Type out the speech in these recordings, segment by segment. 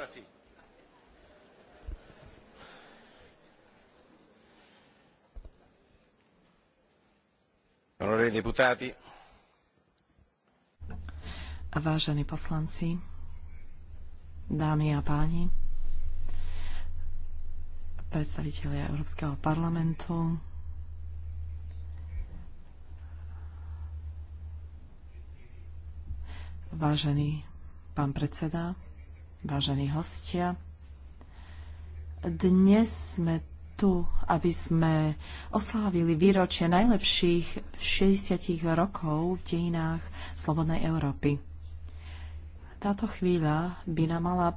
ahora sí. Vážení poslanci, dámy a páni, predstavitelia Európskeho parlamentu, vážený pán predseda, vážení hostia. Dnes sme tu, aby sme oslávili výročie najlepších 60 rokov v dejinách Slobodnej Európy. Táto chvíľa by nám mala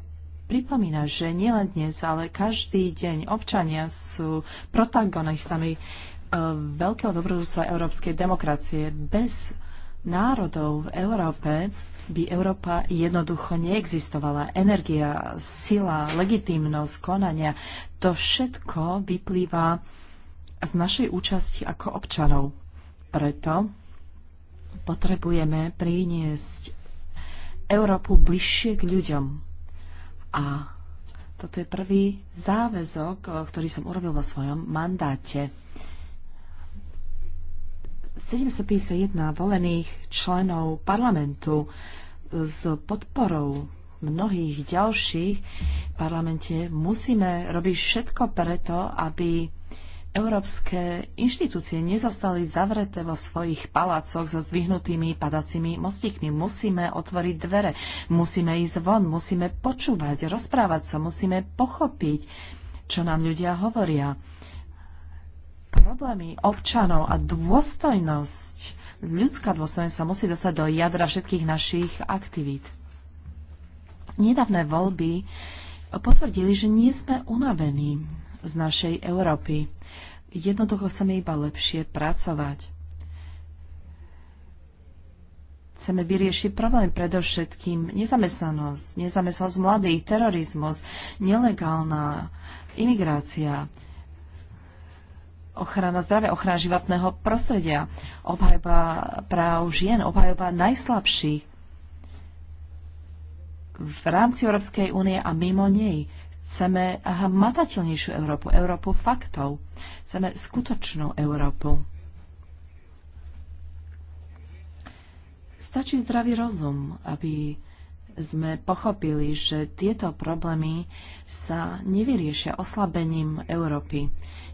pripomínať, že nielen dnes, ale každý deň občania sú protagonistami eh, veľkého dobrodružstva európskej demokracie. Bez národov v Európe by Európa jednoducho neexistovala. Energia, sila, legitímnosť, konania, to všetko vyplýva z našej účasti ako občanov. Preto potrebujeme priniesť Európu bližšie k ľuďom. A toto je prvý záväzok, ktorý som urobil vo svojom mandáte. 751 volených členov parlamentu s podporou mnohých ďalších v parlamente musíme robiť všetko preto, aby európske inštitúcie nezostali zavreté vo svojich palácoch so zdvihnutými padacími mostíkmi. Musíme otvoriť dvere, musíme ísť von, musíme počúvať, rozprávať sa, musíme pochopiť, čo nám ľudia hovoria problémy občanov a dôstojnosť, ľudská dôstojnosť sa musí dostať do jadra všetkých našich aktivít. Nedávne voľby potvrdili, že nie sme unavení z našej Európy. Jednoducho chceme iba lepšie pracovať. Chceme vyriešiť problém predovšetkým nezamestnanosť, nezamestnanosť mladých, terorizmus, nelegálna imigrácia ochrana zdravia, ochrana životného prostredia, obhajba práv žien, obhajba najslabších v rámci Európskej únie a mimo nej. Chceme hmatateľnejšiu Európu, Európu faktov. Chceme skutočnú Európu. Stačí zdravý rozum, aby sme pochopili, že tieto problémy sa nevyriešia oslabením Európy.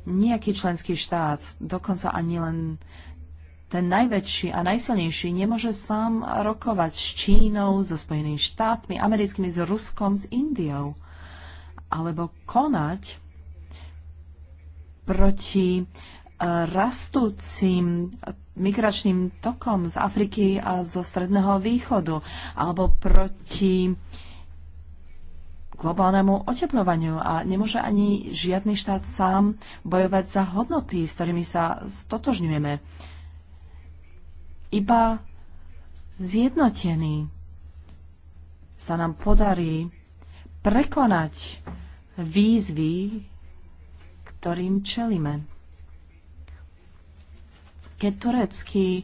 Nejaký členský štát, dokonca ani len ten najväčší a najsilnejší nemôže sám rokovať s Čínou, so Spojenými štátmi, americkými, s Ruskom, s Indiou. Alebo konať proti eh, rastúcim migračným tokom z Afriky a zo Stredného východu alebo proti globálnemu oteplovaniu a nemôže ani žiadny štát sám bojovať za hodnoty, s ktorými sa stotožňujeme. Iba zjednotený sa nám podarí prekonať výzvy, ktorým čelíme. Keď turecký eh,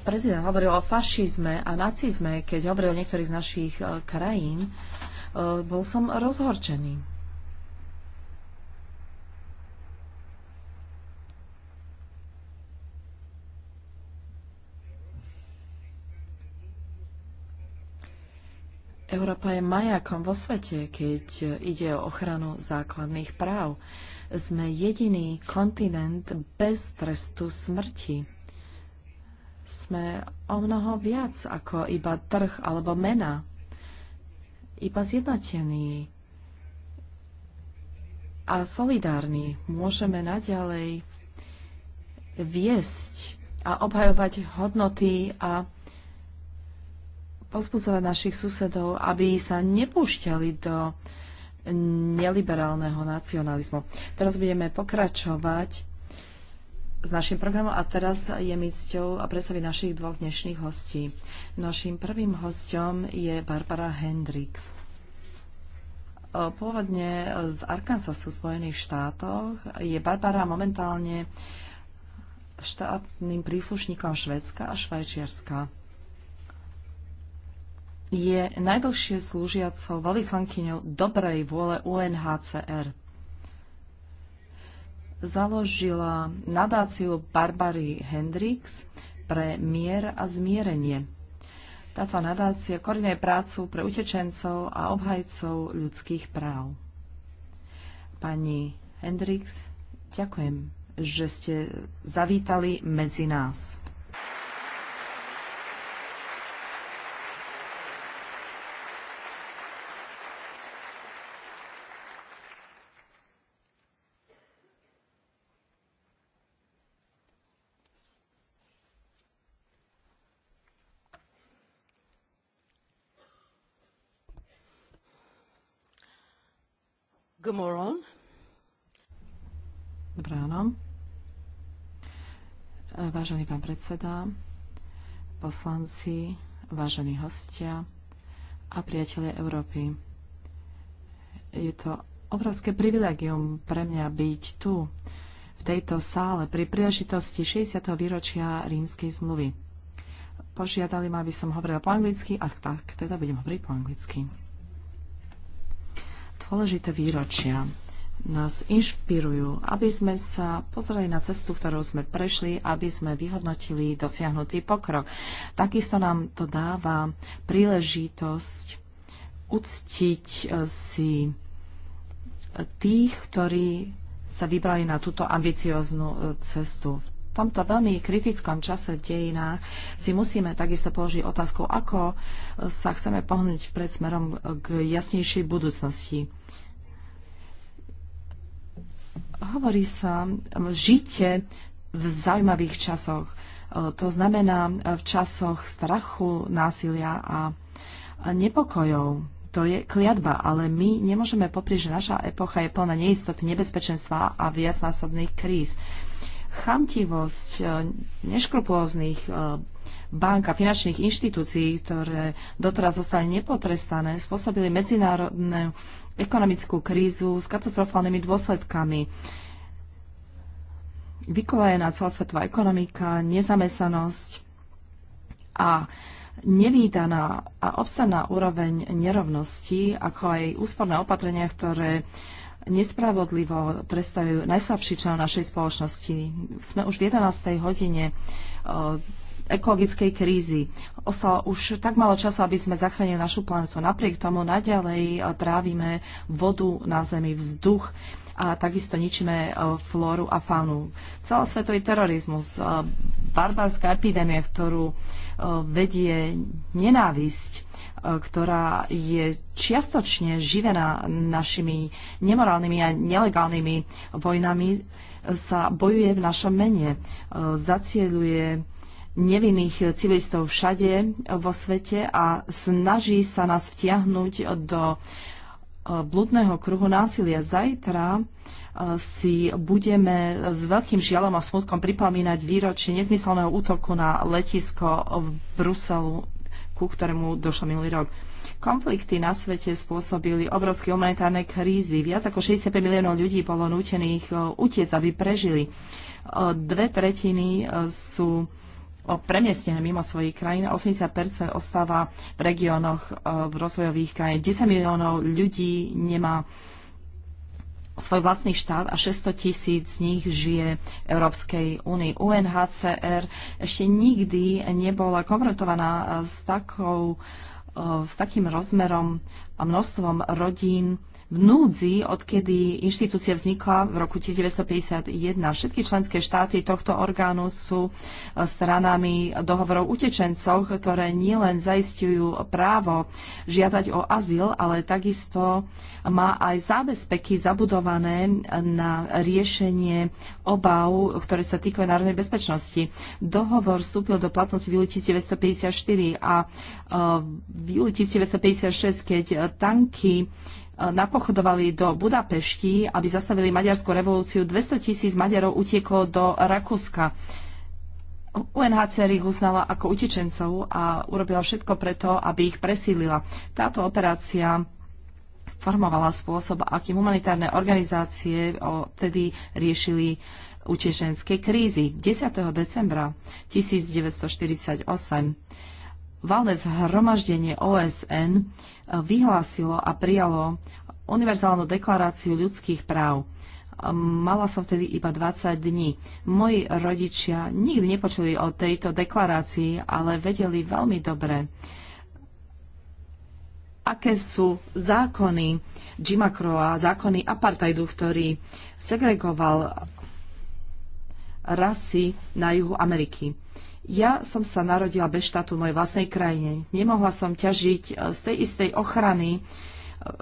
prezident hovoril o fašizme a nacizme, keď hovoril o niektorých z našich eh, krajín, eh, bol som rozhorčený. Európa je majakom vo svete, keď ide o ochranu základných práv. Sme jediný kontinent bez trestu smrti. Sme o mnoho viac ako iba trh alebo mena. Iba zjednotení a solidárni môžeme naďalej viesť a obhajovať hodnoty a pozbudzovať našich susedov, aby sa nepúšťali do neliberálneho nacionalizmu. Teraz budeme pokračovať s našim programom a teraz je mi cťou a predstaviť našich dvoch dnešných hostí. Našim prvým hostom je Barbara Hendrix. Pôvodne z Arkansasu v Spojených štátoch je Barbara momentálne štátnym príslušníkom Švedska a Švajčiarska je najdlhšie slúžiacou veľvyslankyňou dobrej vôle UNHCR. Založila nadáciu Barbary Hendrix pre mier a zmierenie. Táto nadácia koordinuje prácu pre utečencov a obhajcov ľudských práv. Pani Hendrix, ďakujem, že ste zavítali medzi nás. Dobré ráno. Vážený pán predseda, poslanci, vážení hostia a priatelia Európy. Je to obrovské privilegium pre mňa byť tu, v tejto sále, pri príležitosti 60. výročia rímskej zmluvy. Požiadali ma, aby som hovorila po anglicky, a tak teda budem hovoriť po anglicky dôležité výročia nás inšpirujú, aby sme sa pozreli na cestu, ktorou sme prešli, aby sme vyhodnotili dosiahnutý pokrok. Takisto nám to dáva príležitosť uctiť eh, si tých, ktorí sa vybrali na túto ambicióznu eh, cestu. V tomto veľmi kritickom čase v dejinách si musíme takisto položiť otázku, ako eh, sa chceme pohnúť pred smerom k jasnejšej budúcnosti Hovorí sa, um, žite v zaujímavých časoch. Uh, to znamená uh, v časoch strachu, násilia a nepokojov. To je kliatba, ale my nemôžeme poprieť, že naša epocha je plná neistoty, nebezpečenstva a viacnásobných kríz. Chamtivosť uh, neškrupulóznych bank a finančných inštitúcií, ktoré doteraz zostali nepotrestané, spôsobili medzinárodnú ekonomickú krízu s katastrofálnymi dôsledkami. Vykolajená celosvetová ekonomika, nezamestnanosť a nevýdaná a obsaná úroveň nerovnosti, ako aj úsporné opatrenia, ktoré nespravodlivo trestajú najslabší člen našej spoločnosti. Sme už v 11. hodine ekologickej krízy. Ostalo už tak malo času, aby sme zachránili našu planetu. Napriek tomu naďalej eh, trávime vodu na Zemi, vzduch a takisto ničíme eh, flóru a faunu. Celosvetový terorizmus, eh, barbarská epidémia, ktorú vedie nenávisť, ktorá je čiastočne živená našimi nemorálnymi a nelegálnymi vojnami, sa bojuje v našom mene. Zacieluje nevinných civilistov všade vo svete a snaží sa nás vtiahnuť do e, blúdneho kruhu násilia. Zajtra e, si budeme s veľkým žialom a smutkom pripomínať výročie nezmyselného útoku na letisko v Bruselu, ku ktorému došlo minulý rok. Konflikty na svete spôsobili obrovské humanitárne krízy. Viac ako 65 miliónov ľudí bolo nútených e, utiec, aby prežili. Dve tretiny sú premiestnené mimo svojich krajín 80 ostáva v regiónoch e, v rozvojových krajín. 10 miliónov ľudí nemá svoj vlastný štát a 600 tisíc z nich žije v Európskej únii. UNHCR ešte nikdy nebola konfrontovaná e, s, takou, e, s takým rozmerom a množstvom rodín, v núdzi, odkedy inštitúcia vznikla v roku 1951. Všetky členské štáty tohto orgánu sú e, stranami dohovorov utečencov, ktoré nielen zaistujú právo žiadať o azyl, ale takisto má aj zábezpeky zabudované na riešenie obav, ktoré sa týkajú národnej bezpečnosti. Dohovor vstúpil do platnosti v júli 1954 a e, v júli 1956, keď tanky napochodovali do Budapešti, aby zastavili maďarskú revolúciu. 200 tisíc Maďarov utieklo do Rakúska. UNHCR ich uznala ako utečencov a urobila všetko preto, aby ich presídlila. Táto operácia formovala spôsob, akým humanitárne organizácie odtedy riešili utečenské krízy. 10. decembra 1948 valné zhromaždenie OSN eh, vyhlásilo a prijalo univerzálnu deklaráciu ľudských práv. Eh, mala som vtedy iba 20 dní. Moji rodičia nikdy nepočuli o tejto deklarácii, ale vedeli veľmi dobre, aké sú zákony Jima Crowa, zákony apartheidu, ktorý segregoval rasy na juhu Ameriky. Ja som sa narodila bez štátu v mojej vlastnej krajine. Nemohla som ťažiť e, z tej istej ochrany, e,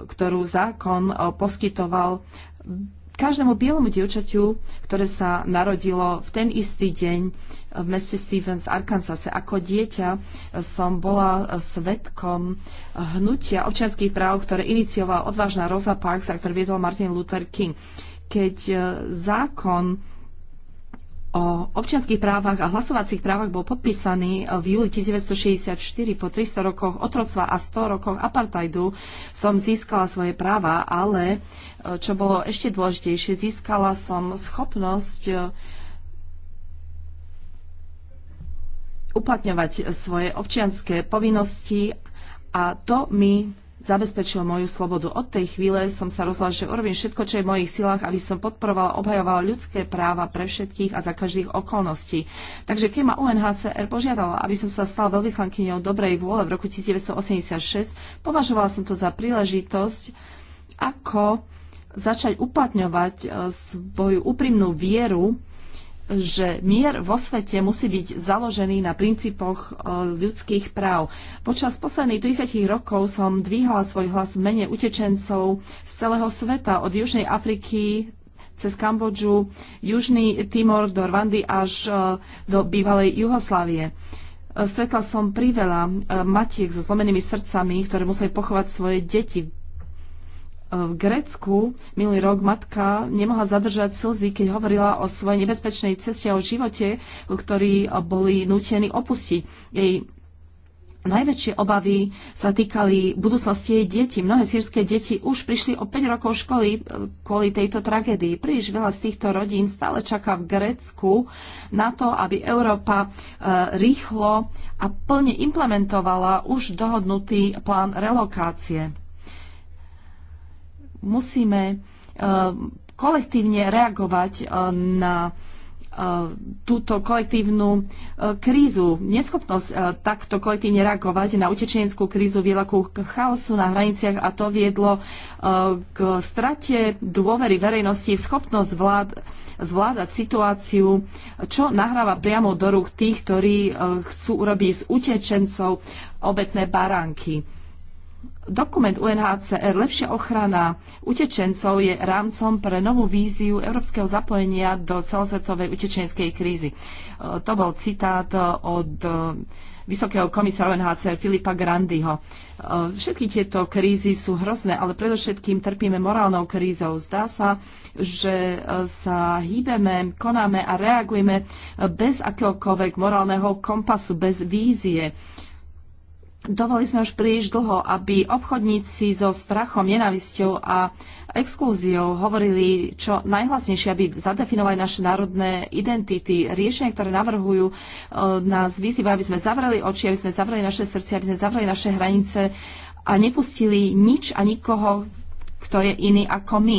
ktorú zákon e, poskytoval každému bielomu dievčaťu, ktoré sa narodilo v ten istý deň v meste Stevens, Arkansase. Ako dieťa som bola svetkom hnutia občianských práv, ktoré iniciovala odvážna Rosa Parks a ktorý viedol Martin Luther King. Keď zákon o občianských právach a hlasovacích právach bol podpísaný v júli 1964 po 300 rokoch otroctva a 100 rokoch apartheidu som získala svoje práva, ale e, čo bolo ešte dôležitejšie, získala som schopnosť e, uplatňovať svoje občianské povinnosti a to mi zabezpečil moju slobodu. Od tej chvíle som sa rozhodla, že urobím všetko, čo je v mojich silách, aby som podporovala, obhajovala ľudské práva pre všetkých a za každých okolností. Takže keď ma UNHCR požiadala, aby som sa stala veľvyslankyňou dobrej vôle v roku 1986, považovala som to za príležitosť, ako začať uplatňovať eh, svoju úprimnú vieru že mier vo svete musí byť založený na princípoch eh, ľudských práv. Počas posledných 30 rokov som dvíhala svoj hlas v mene utečencov z celého sveta, od Južnej Afriky cez Kambodžu, Južný Timor do Rwandy až eh, do bývalej Juhoslávie. Eh, stretla som priveľa matiek so zlomenými srdcami, ktoré museli pochovať svoje deti v Grécku minulý rok matka nemohla zadržať slzy, keď hovorila o svojej nebezpečnej ceste a o živote, ktorý eh, boli nutení opustiť. Jej najväčšie obavy sa týkali budúcnosti jej detí. Mnohé sírske deti už prišli o 5 rokov školy eh, kvôli tejto tragédii. Príliš veľa z týchto rodín stále čaká v Grécku na to, aby Európa eh, rýchlo a plne implementovala už dohodnutý plán relokácie musíme eh, kolektívne reagovať eh, na eh, túto kolektívnu krízu, neschopnosť takto kolektívne reagovať na utečeneckú krízu viedla chaosu na hraniciach a to viedlo k strate dôvery verejnosti, schopnosť vlád zvládať situáciu, čo nahráva priamo do rúk tých, ktorí chcú urobiť z utečencov obetné baránky Dokument UNHCR Lepšia ochrana utečencov je rámcom pre novú víziu európskeho zapojenia do celosvetovej utečenskej krízy. E, to bol citát e, od e, vysokého komisára UNHCR Filipa Grandiho. Všetky tieto krízy sú hrozné, ale predovšetkým trpíme morálnou krízou. Zdá sa, že sa hýbeme, konáme a reagujeme bez akéhokoľvek morálneho kompasu, bez vízie dovolili sme už príliš dlho, aby obchodníci so strachom, nenávisťou a exklúziou hovorili čo najhlasnejšie, aby zadefinovali naše národné identity. Riešenia, ktoré navrhujú, e, nás vyzýva, aby sme zavreli oči, aby sme zavreli naše srdcia, aby sme zavreli naše hranice a nepustili nič a nikoho, kto je iný ako my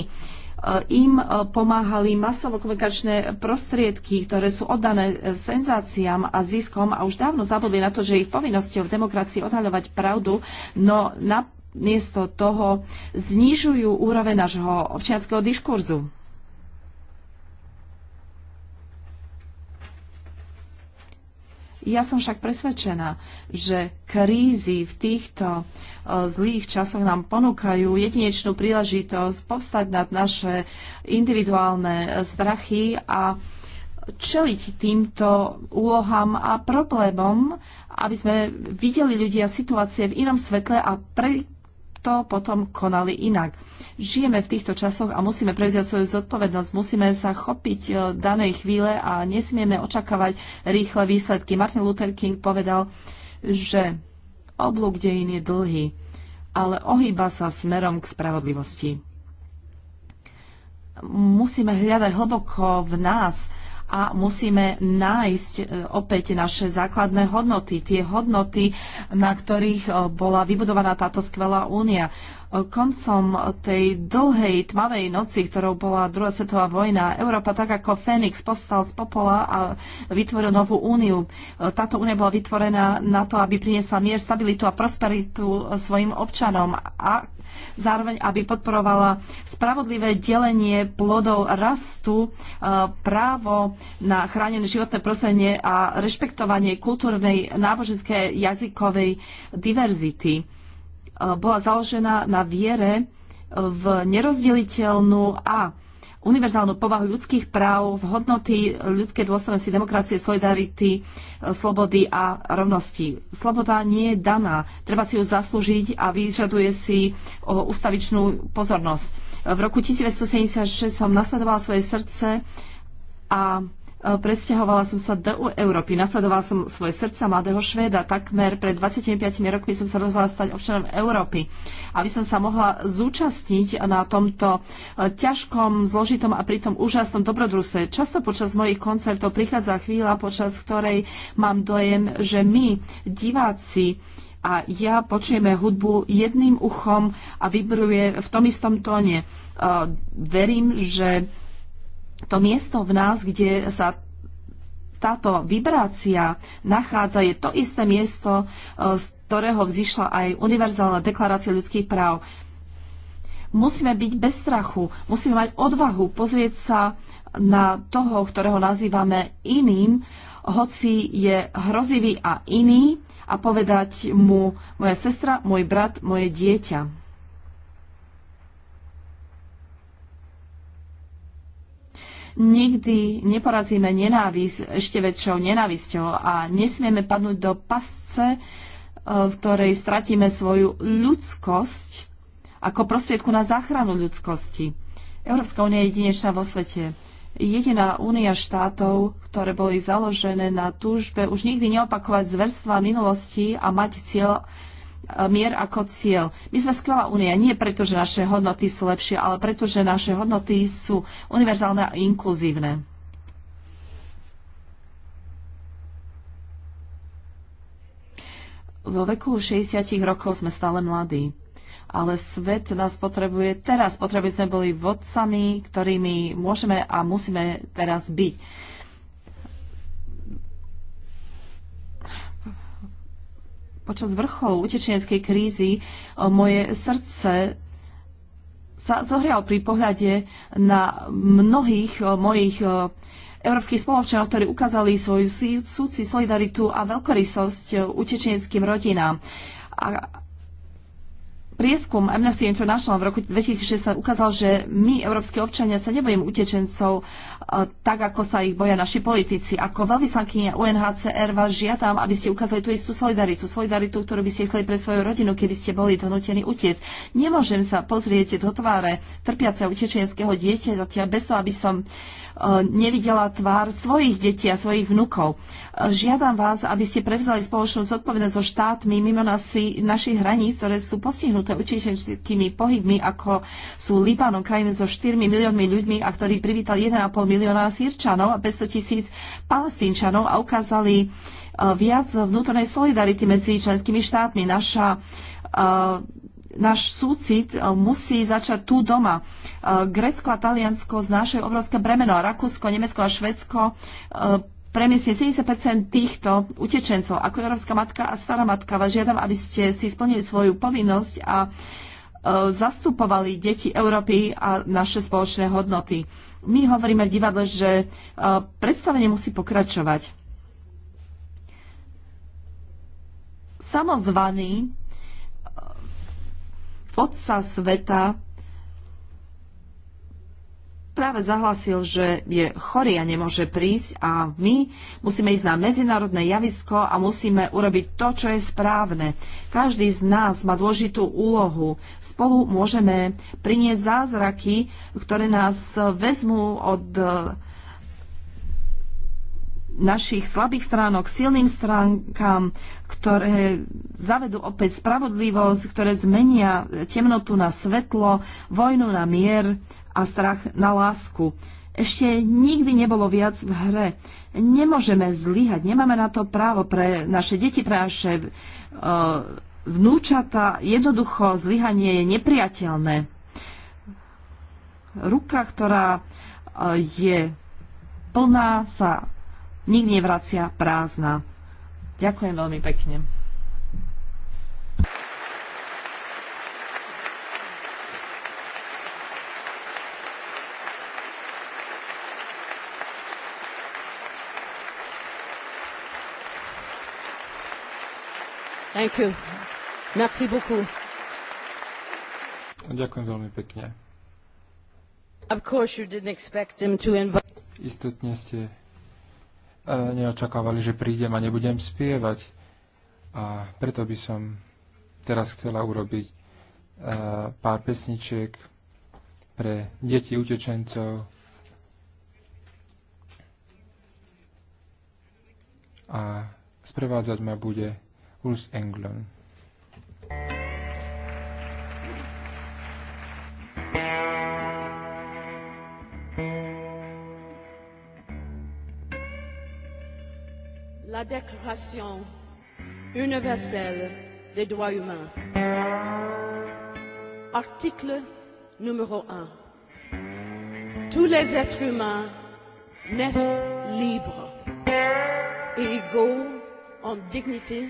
E, im e, pomáhali masovo komunikačné prostriedky, ktoré sú oddané e, senzáciám a ziskom a už dávno zabudli na to, že ich povinnosťou v demokracii odhaľovať pravdu, no namiesto toho znižujú úroveň nášho občianského diskurzu. Ja som však presvedčená, že krízy v týchto e, zlých časoch nám ponúkajú jedinečnú príležitosť povstať nad naše individuálne e, strachy a čeliť týmto úlohám a problémom, aby sme videli ľudia situácie v inom svetle a pre, to potom konali inak. Žijeme v týchto časoch a musíme prevziať svoju zodpovednosť, musíme sa chopiť e, danej chvíle a nesmieme očakávať rýchle výsledky. Martin Luther King povedal, že oblúk dejín je dlhý, ale ohýba sa smerom k spravodlivosti. Musíme hľadať hlboko v nás a musíme nájsť e, opäť naše základné hodnoty, tie hodnoty, na ktorých e, bola vybudovaná táto skvelá únia koncom tej dlhej tmavej noci, ktorou bola druhá svetová vojna, Európa tak ako Fénix povstal z popola a vytvoril novú úniu. Táto únia bola vytvorená na to, aby priniesla mier, stabilitu a prosperitu svojim občanom a zároveň, aby podporovala spravodlivé delenie plodov rastu, e, právo na chránené životné prostredie a rešpektovanie kultúrnej, náboženskej, jazykovej diverzity bola založená na viere v nerozdeliteľnú a univerzálnu povahu ľudských práv, v hodnoty ľudskej dôstojnosti, demokracie, solidarity, e, slobody a rovnosti. Sloboda nie je daná, treba si ju zaslúžiť a vyžaduje si e, ustavičnú pozornosť. V roku 1976 som nasledovala svoje srdce a Eh, presťahovala som sa do Európy. Nasledovala som svoje srdca mladého Švéda. Takmer pred 25 rokmi som sa rozhodla stať občanom Európy. Aby som sa mohla zúčastniť na tomto eh, ťažkom, zložitom a pritom úžasnom dobrodružstve. Často počas mojich koncertov prichádza chvíľa, počas ktorej mám dojem, že my, diváci, a ja počujeme hudbu jedným uchom a vybruje v tom istom tóne. Eh, verím, že to miesto v nás, kde sa táto vibrácia nachádza, je to isté miesto, e, z ktorého vzýšla aj Univerzálna deklarácia ľudských práv. Musíme byť bez strachu, musíme mať odvahu pozrieť sa na toho, ktorého nazývame iným, hoci je hrozivý a iný, a povedať mu moja sestra, môj brat, moje dieťa. Nikdy neporazíme nenávisť ešte väčšou nenávisťou a nesmieme padnúť do pasce, e, v ktorej stratíme svoju ľudskosť ako prostriedku na záchranu ľudskosti. Európska únia je jedinečná vo svete. Jediná únia štátov, ktoré boli založené na túžbe už nikdy neopakovať zverstva minulosti a mať cieľ E, mier ako cieľ. My sme skvelá únia, nie preto, že naše hodnoty sú lepšie, ale preto, že naše hodnoty sú univerzálne a inkluzívne. Vo veku 60 rokov sme stále mladí, ale svet nás potrebuje teraz. Potrebujeme sme boli vodcami, ktorými môžeme a musíme teraz byť počas vrchov utečenskej krízy moje srdce sa zohrial pri pohľade na mnohých mojich európskych spoločenov, ktorí ukázali svoju súci, solidaritu a veľkorysosť utečenským rodinám. A prieskum Amnesty International v roku 2016 ukázal, že my, európske občania, sa nebojíme utečencov, E, tak ako sa ich boja naši politici. Ako veľvyslankyňa UNHCR vás žiadam, aby ste ukázali tú istú solidaritu. Solidaritu, ktorú by ste chceli pre svoju rodinu, keby ste boli donútení utiec. Nemôžem sa pozrieť do tváre trpiaceho utečenského dieťaťa bez toho, aby som e, nevidela tvár svojich detí a svojich vnukov. E, žiadam vás, aby ste prevzali spoločnú zodpovednosť so štátmi mimo nasi, našich hraníc, ktoré sú postihnuté utečenskými pohybmi, ako sú Libanon, krajiny so 4 miliónmi ľuďmi a ktorí privítali 1,5 miliónmi milióna Sýrčanov a 500 tisíc Palestínčanov a ukázali e, viac vnútornej solidarity medzi členskými štátmi. Naša e, náš súcit e, musí začať tu doma. Grécko a Taliansko znášajú obrovské bremeno. Rakúsko, Nemecko a Švedsko premiesne 70 týchto utečencov. Ako európska matka a stará matka vás žiadam, aby ste si splnili svoju povinnosť a zastupovali deti Európy a naše spoločné hodnoty. My hovoríme v divadle, že e, predstavenie musí pokračovať. Samozvaný e, otca sveta práve zahlasil, že je chorý a nemôže prísť a my musíme ísť na medzinárodné javisko a musíme urobiť to, čo je správne. Každý z nás má dôležitú úlohu. Spolu môžeme priniesť zázraky, ktoré nás vezmú od e, našich slabých stránok silným stránkam, ktoré zavedú opäť spravodlivosť, ktoré zmenia temnotu na svetlo, vojnu na mier a strach na lásku. Ešte nikdy nebolo viac v hre. Nemôžeme zlyhať, nemáme na to právo pre naše deti, pre naše uh, vnúčata. Jednoducho zlyhanie je nepriateľné. Ruka, ktorá uh, je plná, sa nikdy nevracia prázdna. Ďakujem veľmi pekne. Thank you. Merci beaucoup. Ďakujem veľmi pekne. Of course you didn't expect him to invite... Istotne ste e, neočakávali, že prídem a nebudem spievať. A preto by som teraz chcela urobiť e, pár pesničiek pre deti utečencov, a sprevádzať ma bude Urs Englund. La Déclaration universelle des droits humains. Article numéro 1. Tous les êtres humains naissent libres et égaux en dignité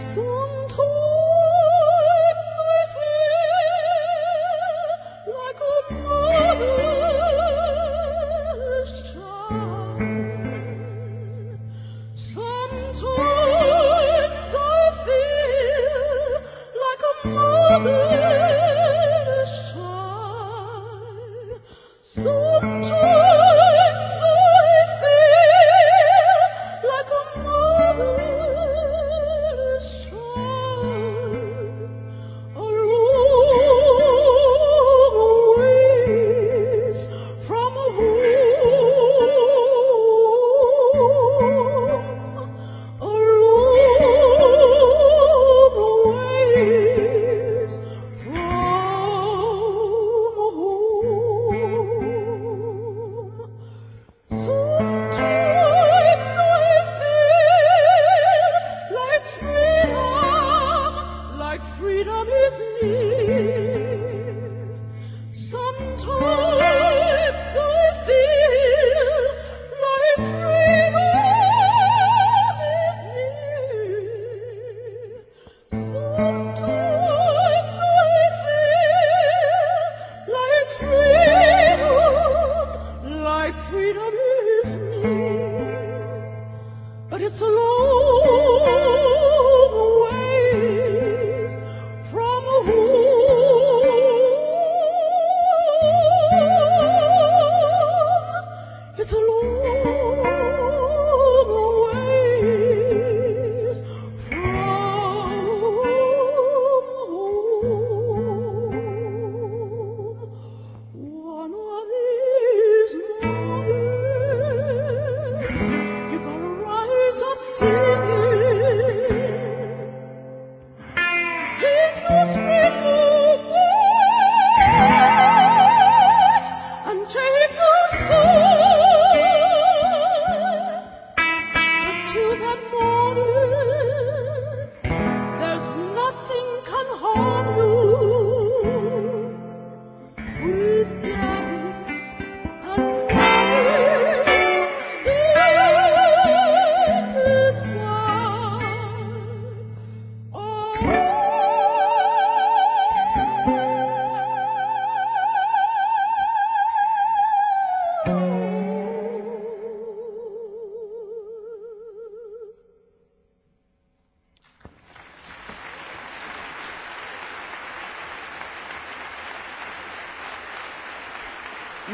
sú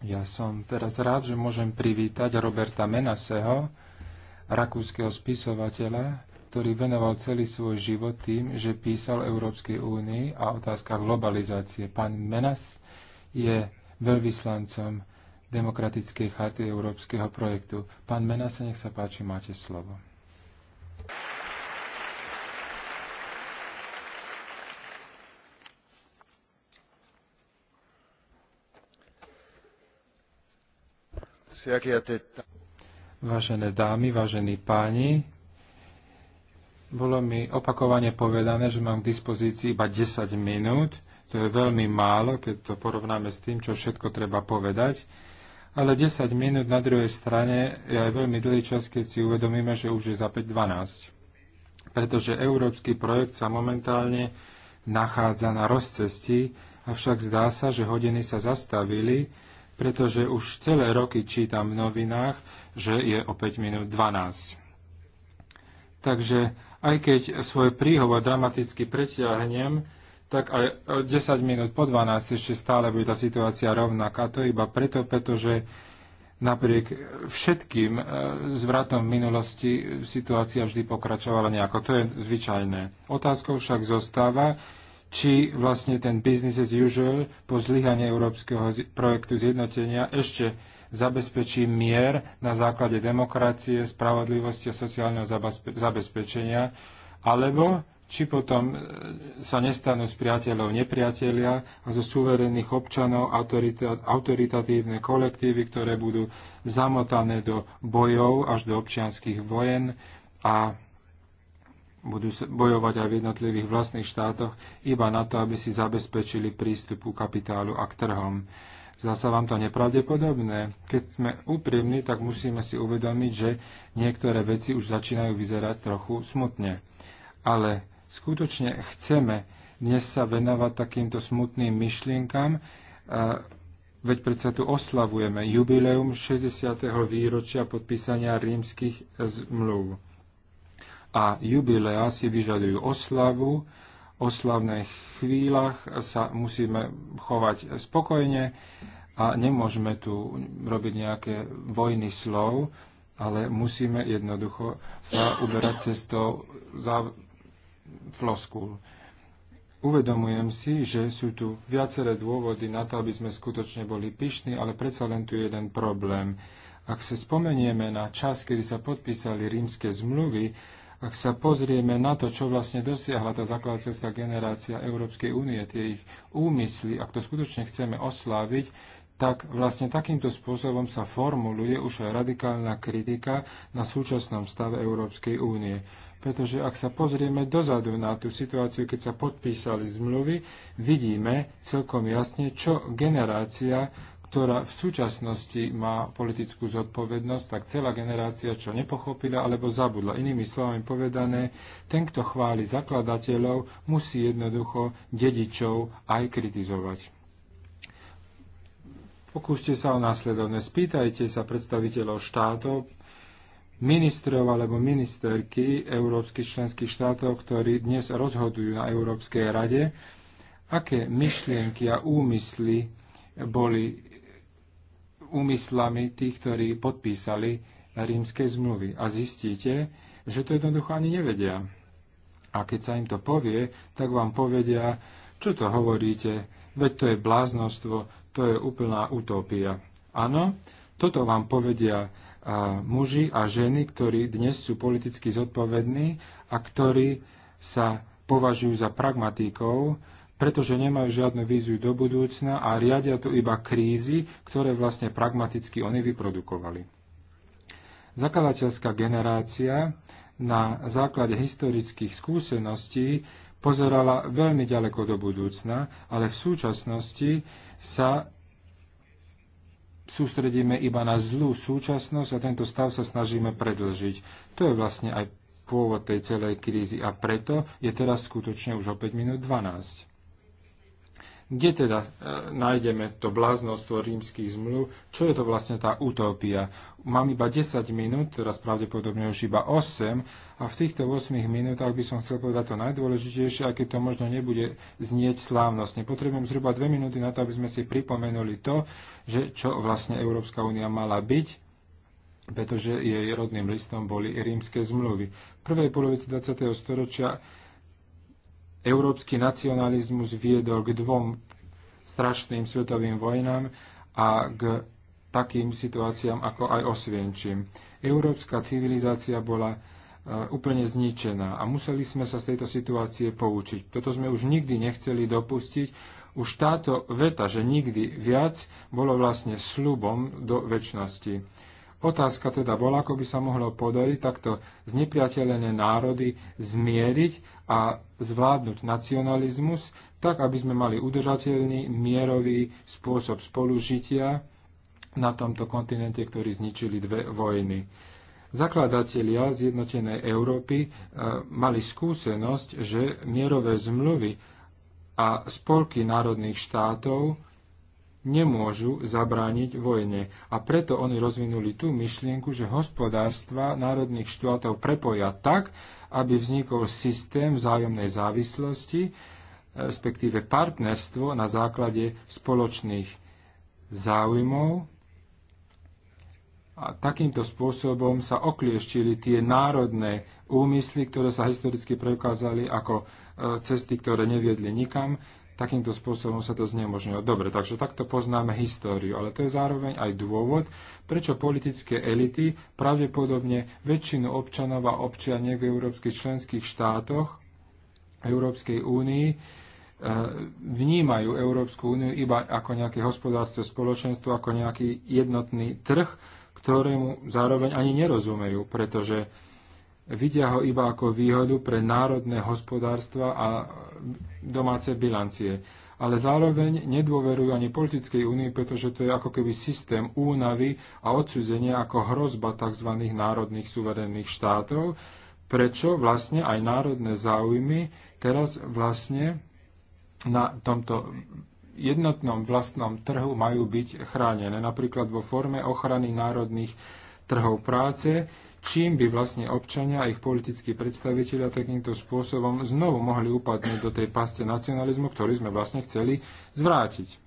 Ja som teraz rád, že môžem privítať Roberta Menaseho, rakúskeho spisovateľa, ktorý venoval celý svoj život tým, že písal Európskej únii a otázka globalizácie. Pán Menas je veľvyslancom Demokratickej charty európskeho projektu. Pán Menase, nech sa páči, máte slovo. Vážené dámy, vážení páni, bolo mi opakovane povedané, že mám k dispozícii iba 10 minút. To je veľmi málo, keď to porovnáme s tým, čo všetko treba povedať. Ale 10 minút na druhej strane je aj veľmi dlhý čas, keď si uvedomíme, že už je za 5.12. Pretože európsky projekt sa momentálne nachádza na rozcestí, avšak zdá sa, že hodiny sa zastavili pretože už celé roky čítam v novinách, že je o 5 minút 12. Takže aj keď svoj príhovor dramaticky pretiahnem, tak aj 10 minút po 12 ešte stále bude tá situácia rovnaká. To iba preto, pretože napriek všetkým e, zvratom minulosti situácia vždy pokračovala nejako. To je zvyčajné. Otázkou však zostáva, či vlastne ten business as usual po zlyhaní európskeho projektu zjednotenia ešte zabezpečí mier na základe demokracie, spravodlivosti a sociálneho zabezpečenia, alebo či potom e, sa nestanú z priateľov nepriatelia a zo suverénnych občanov autoritatívne kolektívy, ktoré budú zamotané do bojov až do občianských vojen a budú bojovať aj v jednotlivých vlastných štátoch iba na to, aby si zabezpečili prístup ku kapitálu a k trhom. Zasa vám to nepravdepodobné. Keď sme úprimní, tak musíme si uvedomiť, že niektoré veci už začínajú vyzerať trochu smutne. Ale skutočne chceme dnes sa venovať takýmto smutným myšlienkam, veď predsa tu oslavujeme jubileum 60. výročia podpísania rímskych zmluv a jubilea si vyžadujú oslavu. O slavných chvíľach sa musíme chovať spokojne a nemôžeme tu robiť nejaké vojny slov, ale musíme jednoducho sa uberať cestou za floskul. Uvedomujem si, že sú tu viaceré dôvody na to, aby sme skutočne boli pyšní, ale predsa len tu je jeden problém. Ak sa spomenieme na čas, kedy sa podpísali rímske zmluvy, ak sa pozrieme na to, čo vlastne dosiahla tá zakladateľská generácia Európskej únie, tie ich úmysly, ak to skutočne chceme osláviť, tak vlastne takýmto spôsobom sa formuluje už aj radikálna kritika na súčasnom stave Európskej únie. Pretože ak sa pozrieme dozadu na tú situáciu, keď sa podpísali zmluvy, vidíme celkom jasne, čo generácia, ktorá v súčasnosti má politickú zodpovednosť, tak celá generácia čo nepochopila alebo zabudla. Inými slovami povedané, ten, kto chváli zakladateľov, musí jednoducho dedičov aj kritizovať. Pokúste sa o následovné. Spýtajte sa predstaviteľov štátov, ministrov alebo ministerky európskych členských štátov, ktorí dnes rozhodujú na Európskej rade, aké myšlienky a úmysly boli úmyslami tých, ktorí podpísali rímske zmluvy. A zistíte, že to jednoducho ani nevedia. A keď sa im to povie, tak vám povedia, čo to hovoríte, veď to je bláznostvo, to je úplná utopia. Áno, toto vám povedia a muži a ženy, ktorí dnes sú politicky zodpovední a ktorí sa považujú za pragmatíkov, pretože nemajú žiadnu víziu do budúcna a riadia tu iba krízy, ktoré vlastne pragmaticky oni vyprodukovali. Zakladateľská generácia na základe historických skúseností pozerala veľmi ďaleko do budúcna, ale v súčasnosti sa sústredíme iba na zlú súčasnosť a tento stav sa snažíme predlžiť. To je vlastne aj pôvod tej celej krízy a preto je teraz skutočne už o 5 minút 12. Kde teda e, nájdeme to bláznostvo rímskych zmluv? Čo je to vlastne tá utopia? Mám iba 10 minút, teraz pravdepodobne už iba 8 a v týchto 8 minútach by som chcel povedať to najdôležitejšie, aké to možno nebude znieť slávnostne. Potrebujem zhruba 2 minúty na to, aby sme si pripomenuli to, že čo vlastne Európska únia mala byť, pretože jej rodným listom boli rímske zmluvy. V prvej polovici 20. storočia európsky nacionalizmus viedol k dvom strašným svetovým vojnám a k takým situáciám ako aj Osvienčím. Európska civilizácia bola e, úplne zničená a museli sme sa z tejto situácie poučiť. Toto sme už nikdy nechceli dopustiť. Už táto veta, že nikdy viac, bolo vlastne slubom do väčšnosti. Otázka teda bola, ako by sa mohlo podariť takto znepriateľené národy zmieriť a zvládnuť nacionalizmus, tak aby sme mali udržateľný, mierový spôsob spolužitia na tomto kontinente, ktorý zničili dve vojny. Zakladatelia zjednotenej Európy e, mali skúsenosť, že mierové zmluvy a spolky národných štátov nemôžu zabrániť vojne. A preto oni rozvinuli tú myšlienku, že hospodárstva národných štátov prepoja tak, aby vznikol systém vzájomnej závislosti, e, respektíve partnerstvo na základe spoločných záujmov. A takýmto spôsobom sa oklieštili tie národné úmysly, ktoré sa historicky preukázali ako e, cesty, ktoré neviedli nikam, takýmto spôsobom sa to znemožňuje. Dobre, takže takto poznáme históriu, ale to je zároveň aj dôvod, prečo politické elity pravdepodobne väčšinu občanov a občianiek v európskych členských štátoch Európskej únii e, vnímajú Európsku úniu iba ako nejaké hospodárstvo, spoločenstvo, ako nejaký jednotný trh, ktorému zároveň ani nerozumejú, pretože vidia ho iba ako výhodu pre národné hospodárstva a domáce bilancie. Ale zároveň nedôverujú ani politickej únii, pretože to je ako keby systém únavy a odsudzenia ako hrozba tzv. národných suverénnych štátov, prečo vlastne aj národné záujmy teraz vlastne na tomto jednotnom vlastnom trhu majú byť chránené, napríklad vo forme ochrany národných trhov práce, čím by vlastne občania a ich politickí predstavitelia takýmto spôsobom znovu mohli upadnúť do tej pasce nacionalizmu, ktorý sme vlastne chceli zvrátiť.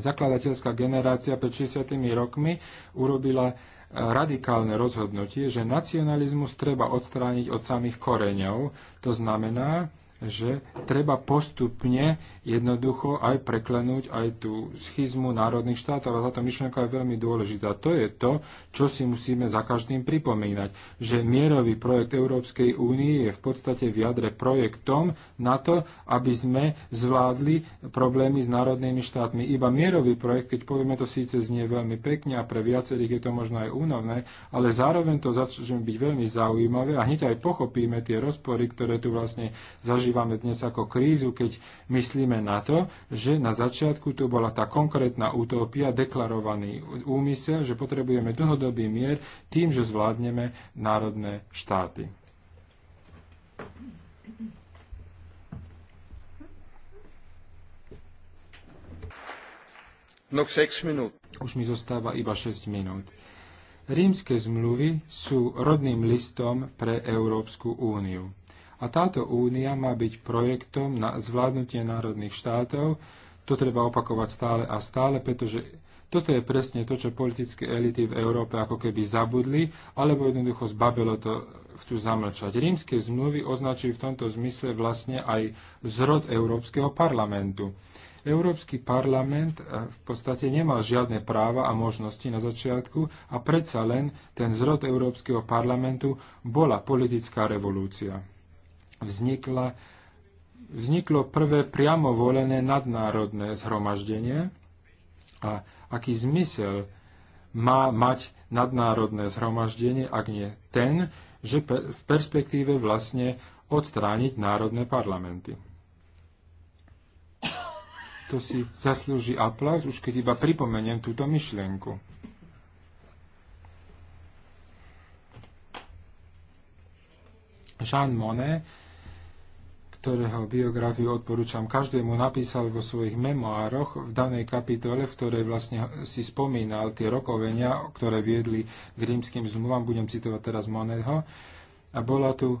Zakladateľská generácia pred 60. rokmi urobila e, radikálne rozhodnutie, že nacionalizmus treba odstrániť od samých koreňov. To znamená, že treba postupne jednoducho aj preklenúť aj tú schizmu národných štátov. A táto myšlienka je veľmi dôležitá. To je to, čo si musíme za každým pripomínať, že mierový projekt Európskej únie je v podstate v jadre projektom na to, aby sme zvládli problémy s národnými štátmi. Iba mierový projekt, keď povieme to síce znie veľmi pekne a pre viacerých je to možno aj únovné, ale zároveň to začne byť veľmi zaujímavé a hneď aj pochopíme tie rozpory, ktoré tu vlastne zažívame prežívame dnes ako krízu, keď myslíme na to, že na začiatku tu bola tá konkrétna utopia, deklarovaný úmysel, že potrebujeme dlhodobý mier tým, že zvládneme národné štáty. No 6 minút. Už mi zostáva iba 6 minút. Rímske zmluvy sú rodným listom pre Európsku úniu. A táto únia má byť projektom na zvládnutie národných štátov. To treba opakovať stále a stále, pretože toto je presne to, čo politické elity v Európe ako keby zabudli, alebo jednoducho zbabelo to chcú zamlčať. Rímske zmluvy označujú v tomto zmysle vlastne aj zrod Európskeho parlamentu. Európsky parlament eh, v podstate nemal žiadne práva a možnosti na začiatku a predsa len ten zrod Európskeho parlamentu bola politická revolúcia vznikla, vzniklo prvé priamo volené nadnárodné zhromaždenie a aký zmysel má mať nadnárodné zhromaždenie, ak nie ten, že v perspektíve vlastne odstrániť národné parlamenty. To si zaslúži aplaus, už keď iba pripomeniem túto myšlienku. Jean Monnet ktorého biografiu odporúčam každému, napísal vo svojich memoároch v danej kapitole, v ktorej vlastne si spomínal tie rokovenia, ktoré viedli k rímským zmluvám, budem citovať teraz Moneho. A bola tu e,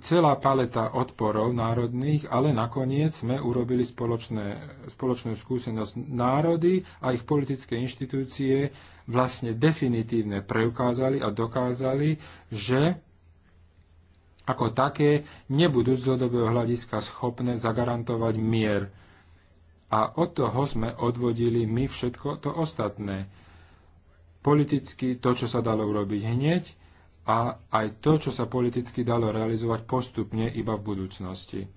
celá paleta odporov národných, ale nakoniec sme urobili spoločné, spoločnú skúsenosť národy a ich politické inštitúcie vlastne definitívne preukázali a dokázali, že ako také nebudú z dlhodobého hľadiska schopné zagarantovať mier. A od toho sme odvodili my všetko to ostatné. Politicky to, čo sa dalo urobiť hneď, a aj to, čo sa politicky dalo realizovať postupne iba v budúcnosti.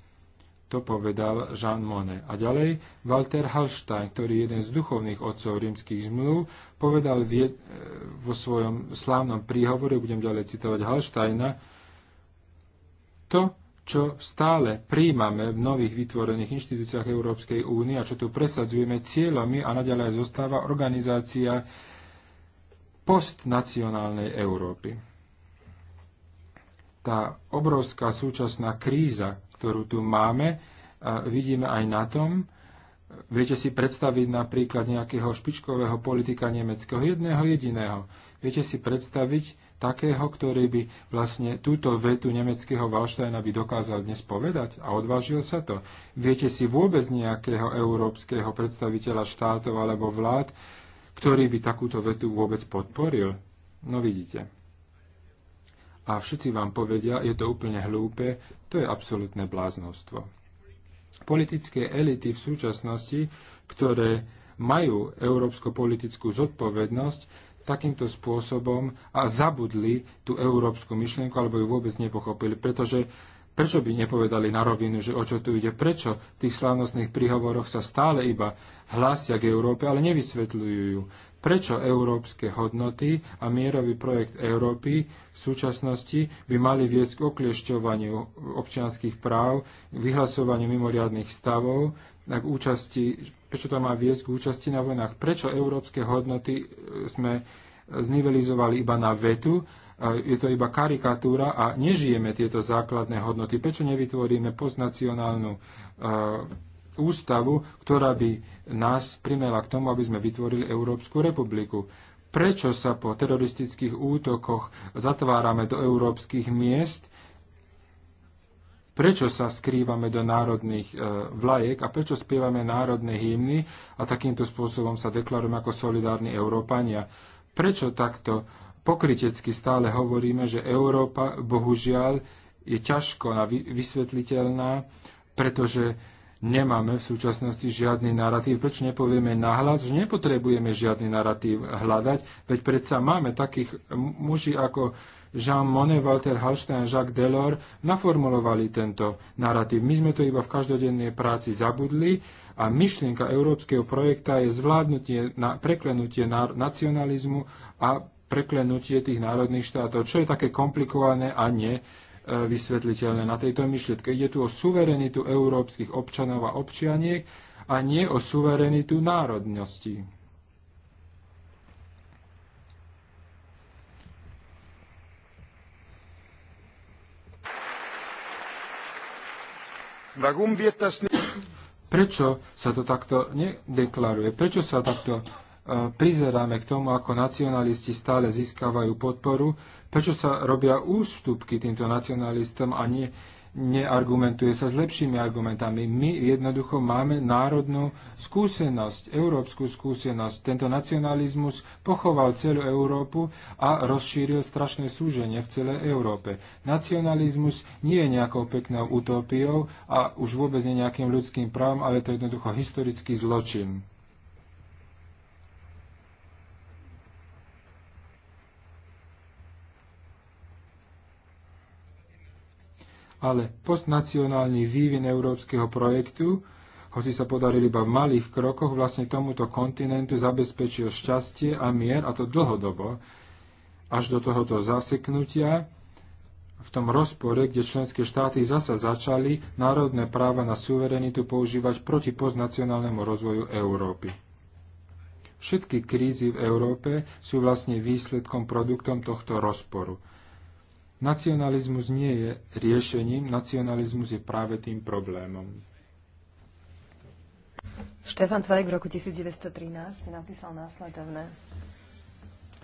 To povedal Jean Monnet. A ďalej Walter Hallstein, ktorý je jeden z duchovných otcov rímskych zmluv, povedal eh, vo svojom slávnom príhovore, budem ďalej citovať Hallsteina, to, čo stále príjmame v nových vytvorených inštitúciách Európskej únie a čo tu presadzujeme cieľami a naďalej zostáva organizácia postnacionálnej Európy. Tá obrovská súčasná kríza, ktorú tu máme, vidíme aj na tom, viete si predstaviť napríklad nejakého špičkového politika nemeckého, jedného jediného. Viete si predstaviť, takého, ktorý by vlastne túto vetu nemeckého Valštajna by dokázal dnes povedať a odvážil sa to. Viete si vôbec nejakého európskeho predstaviteľa štátov alebo vlád, ktorý by takúto vetu vôbec podporil? No vidíte. A všetci vám povedia, je to úplne hlúpe, to je absolútne bláznostvo. Politické elity v súčasnosti, ktoré majú európsko-politickú zodpovednosť, takýmto spôsobom a zabudli tú európsku myšlienku alebo ju vôbec nepochopili, pretože prečo by nepovedali na rovinu, že o čo tu ide, prečo v tých slávnostných príhovoroch sa stále iba hlásia k Európe, ale nevysvetľujú ju. Prečo európske hodnoty a mierový projekt Európy v súčasnosti by mali viesť k okliešťovaniu občianských práv, vyhlasovaniu mimoriadných stavov, na účasti, prečo to má viesť k účasti na vojnách, prečo európske hodnoty e, sme znivelizovali iba na vetu, e, je to iba karikatúra a nežijeme tieto základné hodnoty. Prečo nevytvoríme postnacionálnu e, ústavu, ktorá by nás primela k tomu, aby sme vytvorili Európsku republiku? Prečo sa po teroristických útokoch zatvárame do európskych miest prečo sa skrývame do národných e, vlajek a prečo spievame národné hymny a takýmto spôsobom sa deklarujeme ako solidárni Európania. Prečo takto pokrytecky stále hovoríme, že Európa, bohužiaľ, je ťažko vysvetliteľná, pretože nemáme v súčasnosti žiadny narratív. Prečo nepovieme nahlas, že nepotrebujeme žiadny narratív hľadať, veď predsa máme takých muži ako Jean Monnet, Walter Hallstein, Jacques Delors naformulovali tento narratív. My sme to iba v každodennej práci zabudli a myšlienka európskeho projekta je zvládnutie, na, preklenutie na, nacionalizmu a preklenutie tých národných štátov, čo je také komplikované a nie e, vysvetliteľné na tejto myšlienke. Ide tu o suverenitu európskych občanov a občianiek a nie o suverenitu národností. Prečo sa to takto nedeklaruje? Prečo sa takto e, prizeráme k tomu, ako nacionalisti stále získavajú podporu? Prečo sa robia ústupky týmto nacionalistom a nie neargumentuje sa s lepšími argumentami. My jednoducho máme národnú skúsenosť, európsku skúsenosť. Tento nacionalizmus pochoval celú Európu a rozšíril strašné súženie v celej Európe. Nacionalizmus nie je nejakou peknou utópiou a už vôbec nie nejakým ľudským právom, ale to je jednoducho historický zločin. ale postnacionálny vývin európskeho projektu, hoci sa podaril iba v malých krokoch, vlastne tomuto kontinentu zabezpečil šťastie a mier, a to dlhodobo, až do tohoto zaseknutia, v tom rozpore, kde členské štáty zasa začali národné práva na suverenitu používať proti poznacionálnemu rozvoju Európy. Všetky krízy v Európe sú vlastne výsledkom produktom tohto rozporu. Nacionalizmus nie je riešením, nacionalizmus je práve tým problémom. Štefan Cvajk v roku 1913 napísal následovné.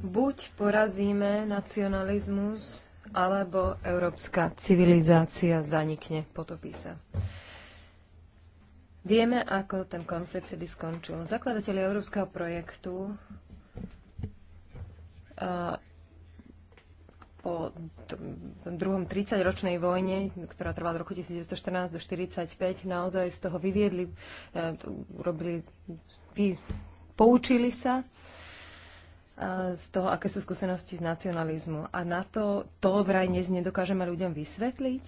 Buď porazíme nacionalizmus, alebo európska civilizácia zanikne, potopí sa. Vieme, ako ten konflikt vtedy skončil. Zakladateľi európskeho projektu po druhom 30-ročnej vojne, ktorá trvala od roku 1914 do 1945, naozaj z toho vyviedli, e, urobili, vy, poučili sa e, z toho, aké sú skúsenosti z nacionalizmu. A na to, to vraj dnes nedokážeme ľuďom vysvetliť?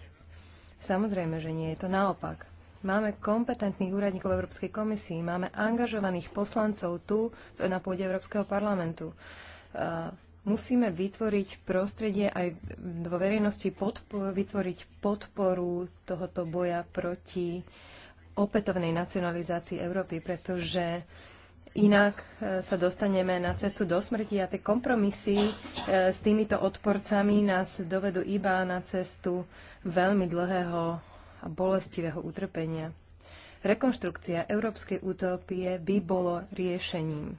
Samozrejme, že nie, je to naopak. Máme kompetentných úradníkov Európskej komisii, máme angažovaných poslancov tu na pôde Európskeho parlamentu. E, musíme vytvoriť prostredie aj vo verejnosti, podpor, vytvoriť podporu tohoto boja proti opätovnej nacionalizácii Európy, pretože inak e, sa dostaneme na cestu do smrti a tie kompromisy e, s týmito odporcami nás dovedú iba na cestu veľmi dlhého a bolestivého utrpenia. Rekonštrukcia európskej utopie by bolo riešením.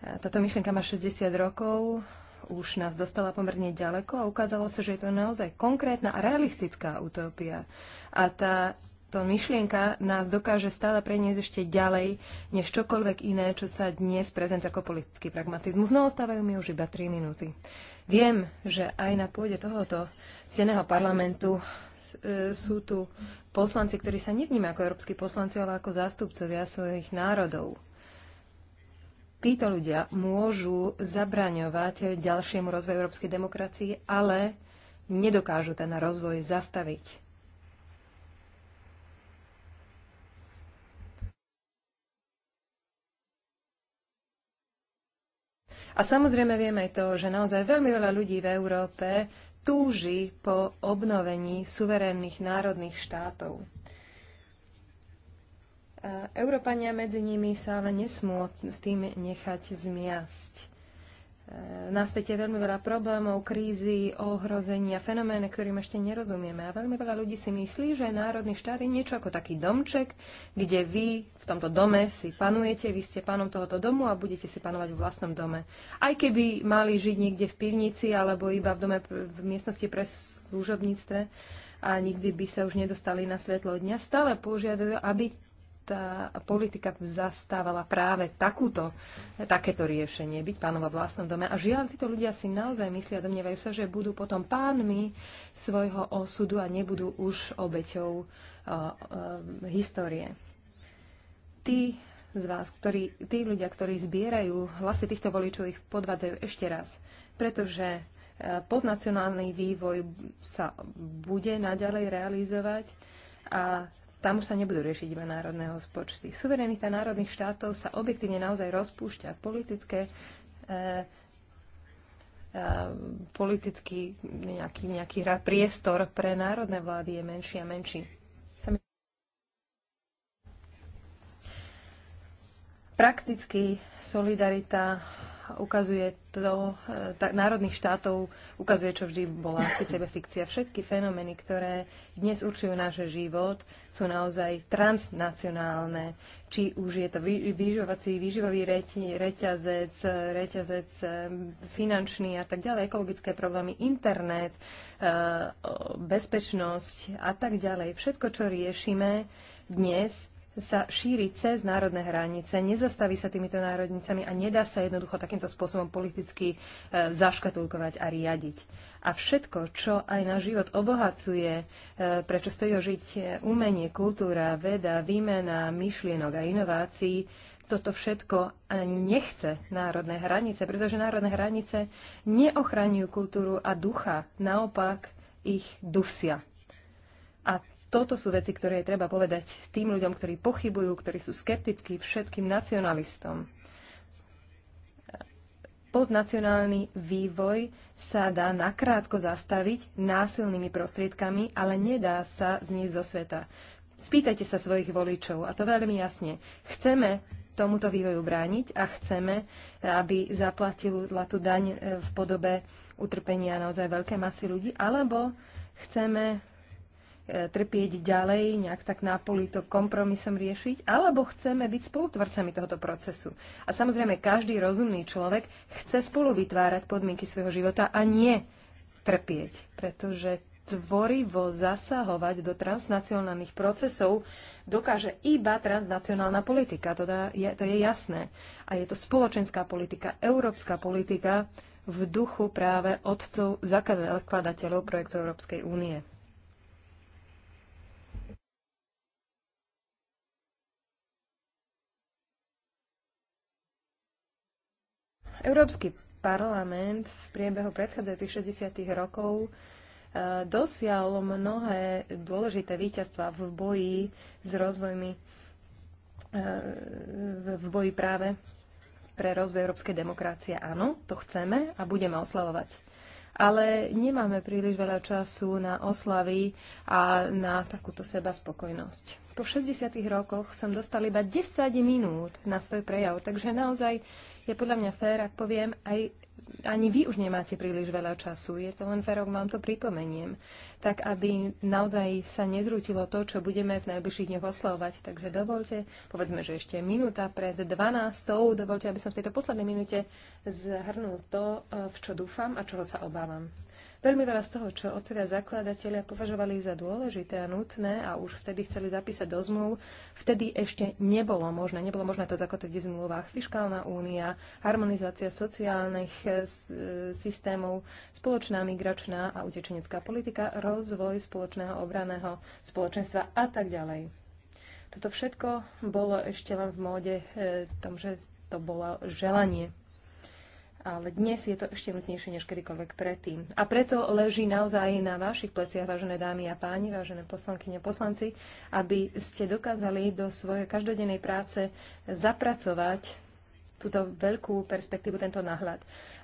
Táto myšlienka má 60 rokov, už nás dostala pomerne ďaleko a ukázalo sa, že je to naozaj konkrétna a realistická utopia. A tá to myšlienka nás dokáže stále preniesť ešte ďalej, než čokoľvek iné, čo sa dnes prezentuje ako politický pragmatizmus. No ostávajú mi už iba 3 minúty. Viem, že aj na pôde tohoto steného parlamentu e, sú tu poslanci, ktorí sa nevníma ako európsky poslanci, ale ako zástupcovia svojich národov. Títo ľudia môžu zabraňovať ďalšiemu rozvoju európskej demokracie, ale nedokážu ten rozvoj zastaviť. A samozrejme vieme aj to, že naozaj veľmi veľa ľudí v Európe túži po obnovení suverénnych národných štátov. Európania medzi nimi sa ale nesmú s tým nechať zmiasť. E, na svete je veľmi veľa problémov, krízy, ohrozenia, fenomény, ktorým ešte nerozumieme. A veľmi veľa ľudí si myslí, že národný štát je niečo ako taký domček, kde vy v tomto dome si panujete, vy ste pánom tohoto domu a budete si panovať v vlastnom dome. Aj keby mali žiť niekde v pivnici alebo iba v dome v miestnosti pre služobníctve a nikdy by sa už nedostali na svetlo dňa, stále požiadajú, aby tá politika zastávala práve takúto, takéto riešenie, byť pánova v vlastnom dome. A žiaľ, títo ľudia si naozaj myslia, domnievajú sa, že budú potom pánmi svojho osudu a nebudú už obeťou uh, uh, histórie. Tí z vás, ktorí, tí ľudia, ktorí zbierajú hlasy týchto voličov, ich podvádzajú ešte raz, pretože uh, poznacionálny vývoj sa bude naďalej realizovať a tam už sa nebudú riešiť iba národné rozpočty. Suverenita národných štátov sa objektívne naozaj rozpúšťa. Politické, eh, eh, politický nejaký, nejaký priestor pre národné vlády je menší a menší. Prakticky solidarita ukazuje to, e, tá, národných štátov ukazuje, čo vždy bola síce fikcia. Všetky fenomény, ktoré dnes určujú náš život, sú naozaj transnacionálne. Či už je to výživovací, výživový reťazec, e, reťazec e, finančný a tak ďalej, ekologické problémy, internet, bezpečnosť a tak ďalej. Všetko, čo riešime dnes, sa šíri cez národné hranice, nezastaví sa týmito národnicami a nedá sa jednoducho takýmto spôsobom politicky e, zaškatulkovať a riadiť. A všetko, čo aj na život obohacuje, e, prečo stojí o žiť e, umenie, kultúra, veda, výmena myšlienok a inovácií, toto všetko ani nechce národné hranice, pretože národné hranice neochraňujú kultúru a ducha, naopak ich dusia. A toto sú veci, ktoré je treba povedať tým ľuďom, ktorí pochybujú, ktorí sú skeptickí, všetkým nacionalistom. Poznacionálny vývoj sa dá nakrátko zastaviť násilnými prostriedkami, ale nedá sa zniesť zo sveta. Spýtajte sa svojich voličov, a to veľmi jasne. Chceme tomuto vývoju brániť a chceme, aby zaplatila tú daň e, v podobe utrpenia naozaj veľké masy ľudí, alebo chceme E, trpieť ďalej, nejak tak nápoli to kompromisom riešiť, alebo chceme byť spolutvorcami tohoto procesu. A samozrejme, každý rozumný človek chce spolu vytvárať podmienky svojho života a nie trpieť, pretože tvorivo zasahovať do transnacionálnych procesov dokáže iba transnacionálna politika. To, dá, je, to je jasné. A je to spoločenská politika, európska politika v duchu práve otcov zakladateľov projektu Európskej únie. Európsky parlament v priebehu predchádzajúcich 60. rokov e, dosiahol mnohé dôležité víťazstva v boji s rozvojmi, e, v boji práve pre rozvoj európskej demokracie. Áno, to chceme a budeme oslavovať ale nemáme príliš veľa času na oslavy a na takúto seba spokojnosť. Po 60 rokoch som dostal iba 10 minút na svoj prejav, takže naozaj je podľa mňa fér, ak poviem, aj ani vy už nemáte príliš veľa času. Je to len ferok, vám to pripomeniem. Tak, aby naozaj sa nezrútilo to, čo budeme v najbližších dňoch oslovať. Takže dovolte, povedzme, že ešte minúta pred 12. Dovolte, aby som v tejto poslednej minúte zhrnul to, eh, v čo dúfam a čoho sa obávam. Veľmi veľa z toho, čo otcovia zakladatelia považovali za dôležité a nutné a už vtedy chceli zapísať do zmluv, vtedy ešte nebolo možné. Nebolo možné to zakotviť v zmluvách. Fiskálna únia, harmonizácia sociálnych eh, eh, systémov, spoločná migračná a utečenecká politika, rozvoj spoločného obraného spoločenstva a tak ďalej. Toto všetko bolo ešte len v móde eh, tom, že to bolo želanie ale dnes je to ešte nutnejšie než kedykoľvek predtým. A preto leží naozaj na vašich pleciach, vážené dámy a páni, vážené poslankyne a poslanci, aby ste dokázali do svojej každodennej práce zapracovať túto veľkú perspektívu, tento náhľad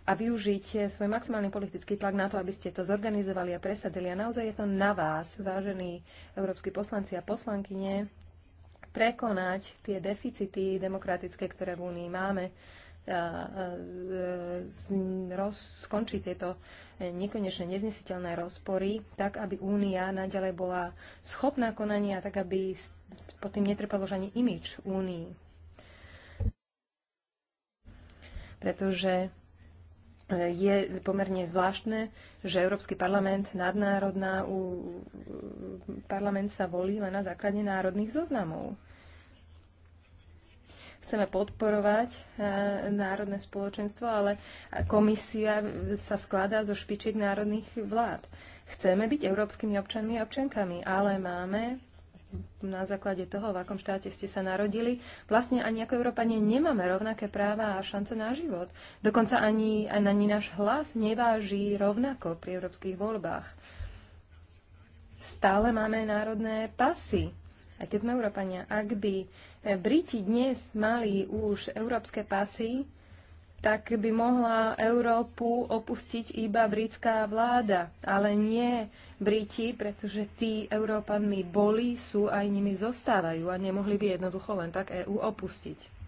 a využiť svoj maximálny politický tlak na to, aby ste to zorganizovali a presadili. A naozaj je to na vás, vážení európsky poslanci a poslankyne, prekonať tie deficity demokratické, ktoré v Únii máme skončí tieto nekonečné neznesiteľné rozpory, tak aby Únia naďalej bola schopná konania, tak aby pod tým netrpelo ani imič Únii. Pretože je pomerne zvláštne, že Európsky parlament, nadnárodná, parlament sa volí len na základe národných zoznamov. Chceme podporovať e, národné spoločenstvo, ale komisia sa skladá zo špičiek národných vlád. Chceme byť európskymi občanmi a občankami, ale máme na základe toho, v akom štáte ste sa narodili, vlastne ani ako Európanie nemáme rovnaké práva a šance na život. Dokonca ani, ani náš hlas neváži rovnako pri európskych voľbách. Stále máme národné pasy, aj keď sme Európania. Ak by Briti dnes mali už európske pasy, tak by mohla Európu opustiť iba britská vláda, ale nie Briti, pretože tí Európanmi boli, sú a aj nimi zostávajú a nemohli by jednoducho len tak EÚ opustiť.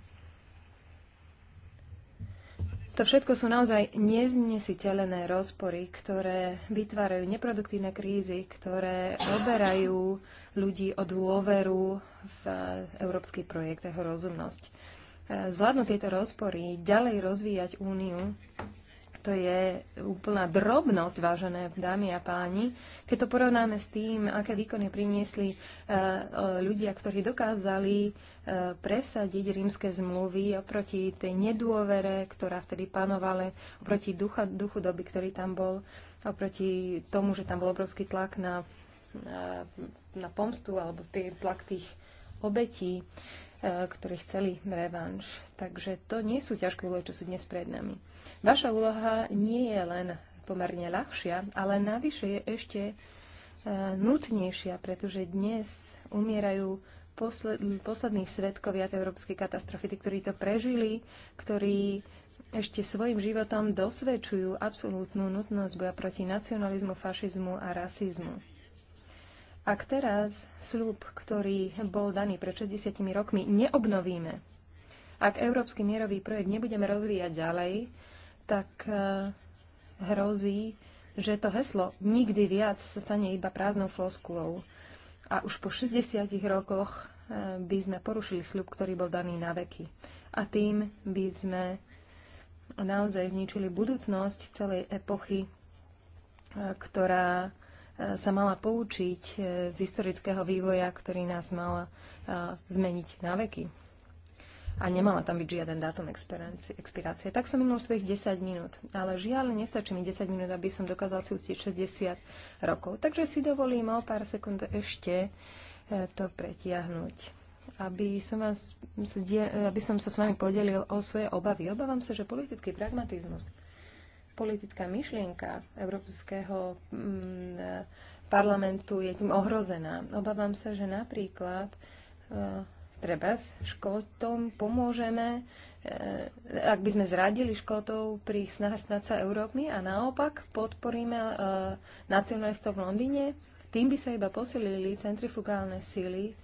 To všetko sú naozaj neznesiteľné rozpory, ktoré vytvárajú neproduktívne krízy, ktoré oberajú ľudí o dôveru v európsky projekt a jeho rozumnosť. E, zvládnuť tieto rozpory, ďalej rozvíjať úniu, to je úplná drobnosť, vážené dámy a páni, keď to porovnáme s tým, aké výkony priniesli e, ľudia, ktorí dokázali e, presadiť rímske zmluvy oproti tej nedôvere, ktorá vtedy panovala, oproti ducha, duchu doby, ktorý tam bol, oproti tomu, že tam bol obrovský tlak na na pomstu alebo tie tlak tých obetí, e, ktorí chceli revanš. Takže to nie sú ťažké úlohy, čo sú dnes pred nami. Vaša úloha nie je len pomerne ľahšia, ale navyše je ešte e, nutnejšia, pretože dnes umierajú posled, poslední svetkovia tej európskej katastrofy, tí, ktorí to prežili, ktorí ešte svojim životom dosvedčujú absolútnu nutnosť boja proti nacionalizmu, fašizmu a rasizmu. Ak teraz slúb, ktorý bol daný pred 60 rokmi, neobnovíme, ak európsky mierový projekt nebudeme rozvíjať ďalej, tak e, hrozí, že to heslo nikdy viac sa stane iba prázdnou floskulou. A už po 60 rokoch e, by sme porušili sľub, ktorý bol daný na veky. A tým by sme naozaj zničili budúcnosť celej epochy, e, ktorá sa mala poučiť e, z historického vývoja, ktorý nás mal e, zmeniť na veky. A nemala tam byť žiaden dátum expirácie. Tak som minul svojich 10 minút. Ale žiaľ, nestačí mi 10 minút, aby som dokázal si uctiť 60 rokov. Takže si dovolím o pár sekúnd ešte e, to pretiahnuť aby som, vás, aby som sa s vami podelil o svoje obavy. Obávam sa, že politický pragmatizmus, politická myšlienka Európskeho mm, parlamentu je tým ohrozená. Obávam sa, že napríklad e, treba s Škótom pomôžeme, e, ak by sme zradili Škótov pri snahe stať sa Európmi a naopak podporíme e, nacionalistov v Londýne, tým by sa iba posilili centrifugálne síly,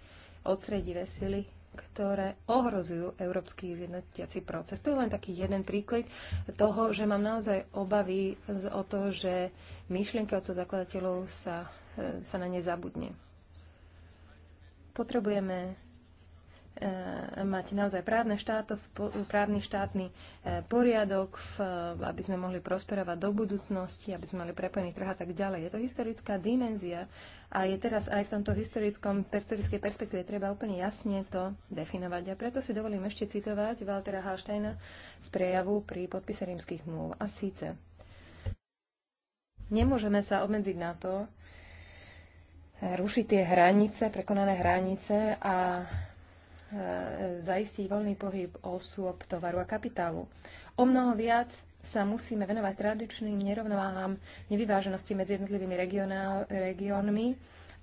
odstredivé sily ktoré ohrozujú európsky jednotiaci proces. To je len taký jeden príklad toho, že mám naozaj obavy o to, že myšlienky odco zakladateľov sa, e, sa na ne zabudne. Potrebujeme E, mať naozaj právne štáto, právny štátny e, poriadok, e, aby sme mohli prosperovať do budúcnosti, aby sme mali prepojený trh a tak ďalej. Je to historická dimenzia a je teraz aj v tomto historickom, historickej perspektíve treba úplne jasne to definovať. A preto si dovolím ešte citovať Waltera Hallsteina z prejavu pri podpise rímskych mluv. A síce, nemôžeme sa obmedziť na to, rušiť tie hranice, prekonané hranice a E, zaistiť voľný pohyb osôb, tovaru a kapitálu. O mnoho viac sa musíme venovať tradičným nerovnováhám nevyváženosti medzi jednotlivými regiónmi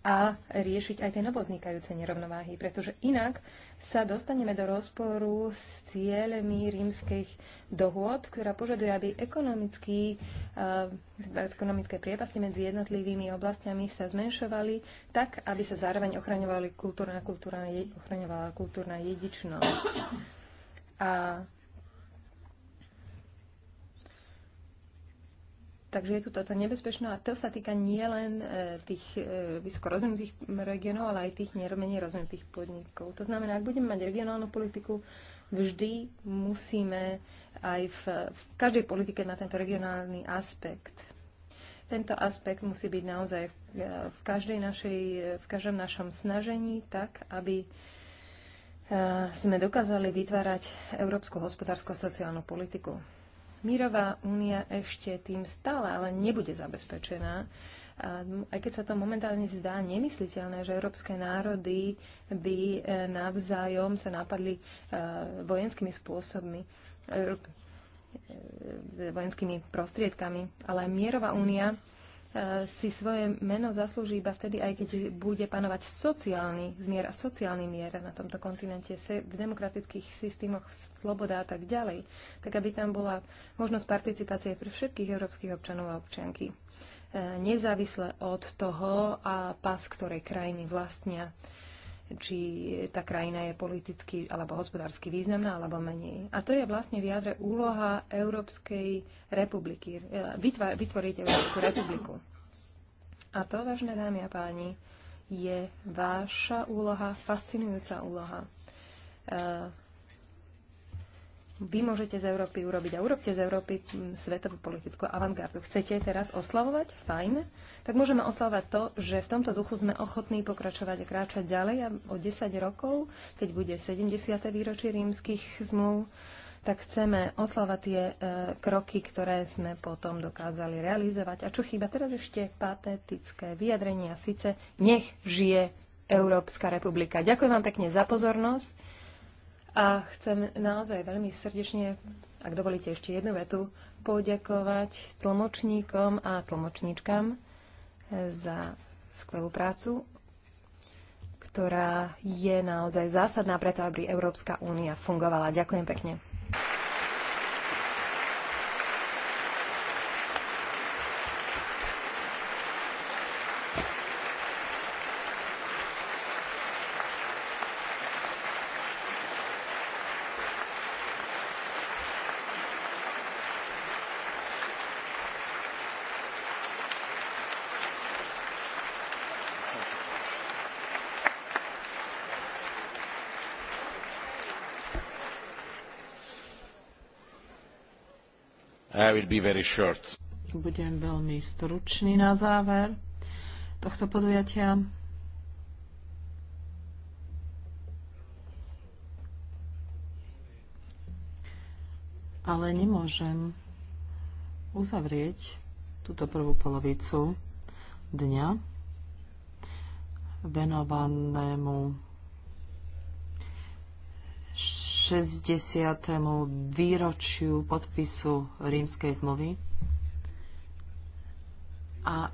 a riešiť aj tie novoznikajúce nerovnováhy, pretože inak sa dostaneme do rozporu s cieľmi rímskych dohôd, ktorá požaduje, aby ekonomický, uh, ekonomické priepasti medzi jednotlivými oblastiami sa zmenšovali tak, aby sa zároveň ochraňovala kultúrna, kultúrna, ochraňovala kultúrna jedičnosť. A Takže je tu toto nebezpečné a to sa týka nielen e, tých e, vysoko rozvinutých regionov, ale aj tých menej rozvinutých podnikov. To znamená, ak budeme mať regionálnu politiku, vždy musíme aj v, v každej politike na tento regionálny aspekt. Tento aspekt musí byť naozaj v, e, každej našej, v každom našom snažení tak, aby sme dokázali vytvárať európsku a sociálnu politiku. Mírová únia ešte tým stále ale nebude zabezpečená. A aj keď sa to momentálne zdá nemysliteľné, že európske národy by e, navzájom sa napadli e, vojenskými spôsobmi, e, vojenskými prostriedkami, ale Mierová únia E, si svoje meno zaslúži iba vtedy, aj keď bude panovať sociálny zmier a sociálny mier na tomto kontinente, v demokratických systémoch, sloboda a tak ďalej, tak aby tam bola možnosť participácie pre všetkých európskych občanov a občianky, e, nezávisle od toho a pas, ktorej krajiny vlastnia či tá krajina je politicky alebo hospodársky významná alebo menej. A to je vlastne v jadre úloha Európskej republiky, e, vytvor, vytvoriť Európsku republiku. A to, vážne dámy a páni, je váša úloha, fascinujúca úloha. E, vy môžete z Európy urobiť a urobte z Európy svetovú politickú avantgardu. Chcete teraz oslavovať? Fajn. Tak môžeme oslavovať to, že v tomto duchu sme ochotní pokračovať a kráčať ďalej a o 10 rokov, keď bude 70. výročie rímskych zmluv, tak chceme oslavať tie e, kroky, ktoré sme potom dokázali realizovať. A čo chýba teraz ešte patetické vyjadrenia, síce nech žije Európska republika. Ďakujem vám pekne za pozornosť. A chcem naozaj veľmi srdečne, ak dovolíte ešte jednu vetu, poďakovať tlmočníkom a tlmočníčkam eh, za skvelú prácu, ktorá je naozaj zásadná preto, aby Európska únia fungovala. Ďakujem pekne. I will be very short. Budem veľmi stručný na záver tohto podujatia. ale nemôžem uzavrieť túto prvú polovicu dňa venovanému 60. výročiu podpisu rímskej zmluvy. A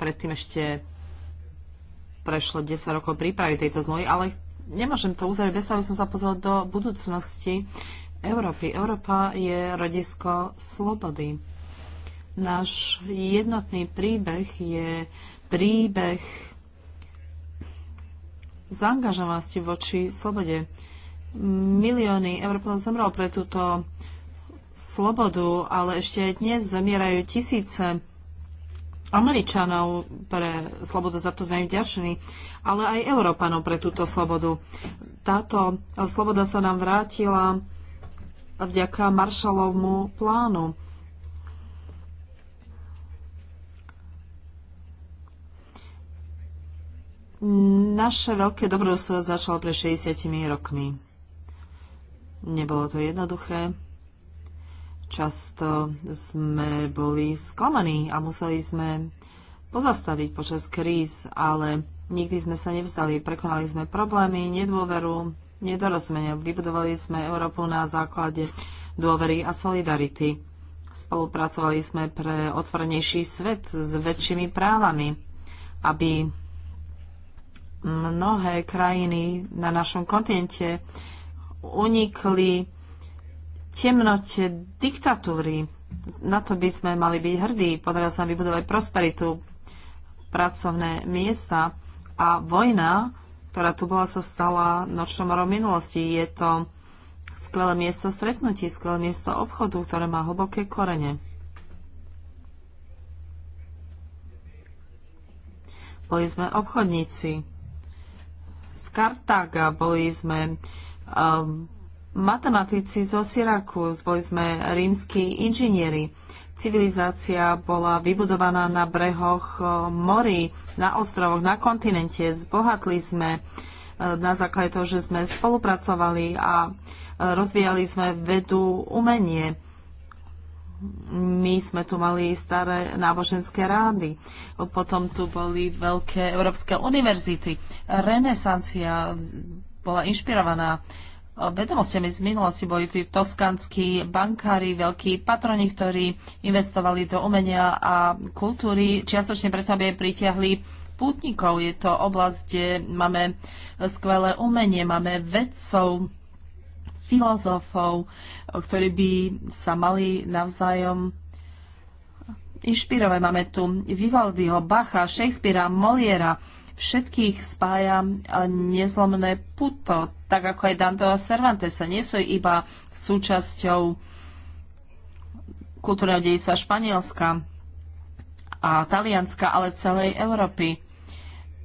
predtým ešte prešlo 10 rokov prípravy tejto zmluvy, ale nemôžem to uzrieť bez toho, aby som sa pozrel do budúcnosti Európy. Európa je rodisko slobody. Náš jednotný príbeh je príbeh zaangažovanosti voči slobode. Milióny Európanov zomrel pre túto slobodu, ale ešte aj dnes zomierajú tisíce Američanov pre slobodu, za to sme im vďační, ale aj Európanov pre túto slobodu. Táto sloboda sa nám vrátila vďaka Marshallovmu plánu. Naše veľké dobrodružstvo začalo pred 60 rokmi. Nebolo to jednoduché. Často sme boli sklamaní a museli sme pozastaviť počas kríz, ale nikdy sme sa nevzdali. Prekonali sme problémy, nedôveru, nedorozumenia. Vybudovali sme Európu na základe dôvery a solidarity. Spolupracovali sme pre otvornejší svet s väčšími právami, aby mnohé krajiny na našom kontinente unikli temnote diktatúry. Na to by sme mali byť hrdí. Podarilo sa nám vybudovať prosperitu, pracovné miesta a vojna, ktorá tu bola, sa stala nočnou morou minulosti. Je to skvelé miesto stretnutí, skvelé miesto obchodu, ktoré má hlboké korene. Boli sme obchodníci z Kartága, boli sme uh, um, matematici zo Syrakus, boli sme rímsky inžinieri. Civilizácia bola vybudovaná na brehoch e, morí, na ostrovoch, na kontinente. Zbohatli sme e, na základe toho, že sme spolupracovali a e, rozvíjali sme vedu, umenie. My sme tu mali staré náboženské rády. Potom tu boli veľké európske univerzity. Renesancia bola inšpirovaná vedomostiami z minulosti. Boli tí toskanskí bankári, veľkí patroni, ktorí investovali do umenia a kultúry, čiastočne preto, aby aj pritiahli pútnikov. Je to oblasť, kde máme skvelé umenie, máme vedcov, filozofov, ktorí by sa mali navzájom inšpirovať. Máme tu Vivaldiho, Bacha, Shakespearea, Moliera, všetkých spája nezlomné puto, tak ako aj Dante a Cervantesa. Nie sú iba súčasťou kultúrneho dejstva Španielska a Talianska, ale celej Európy.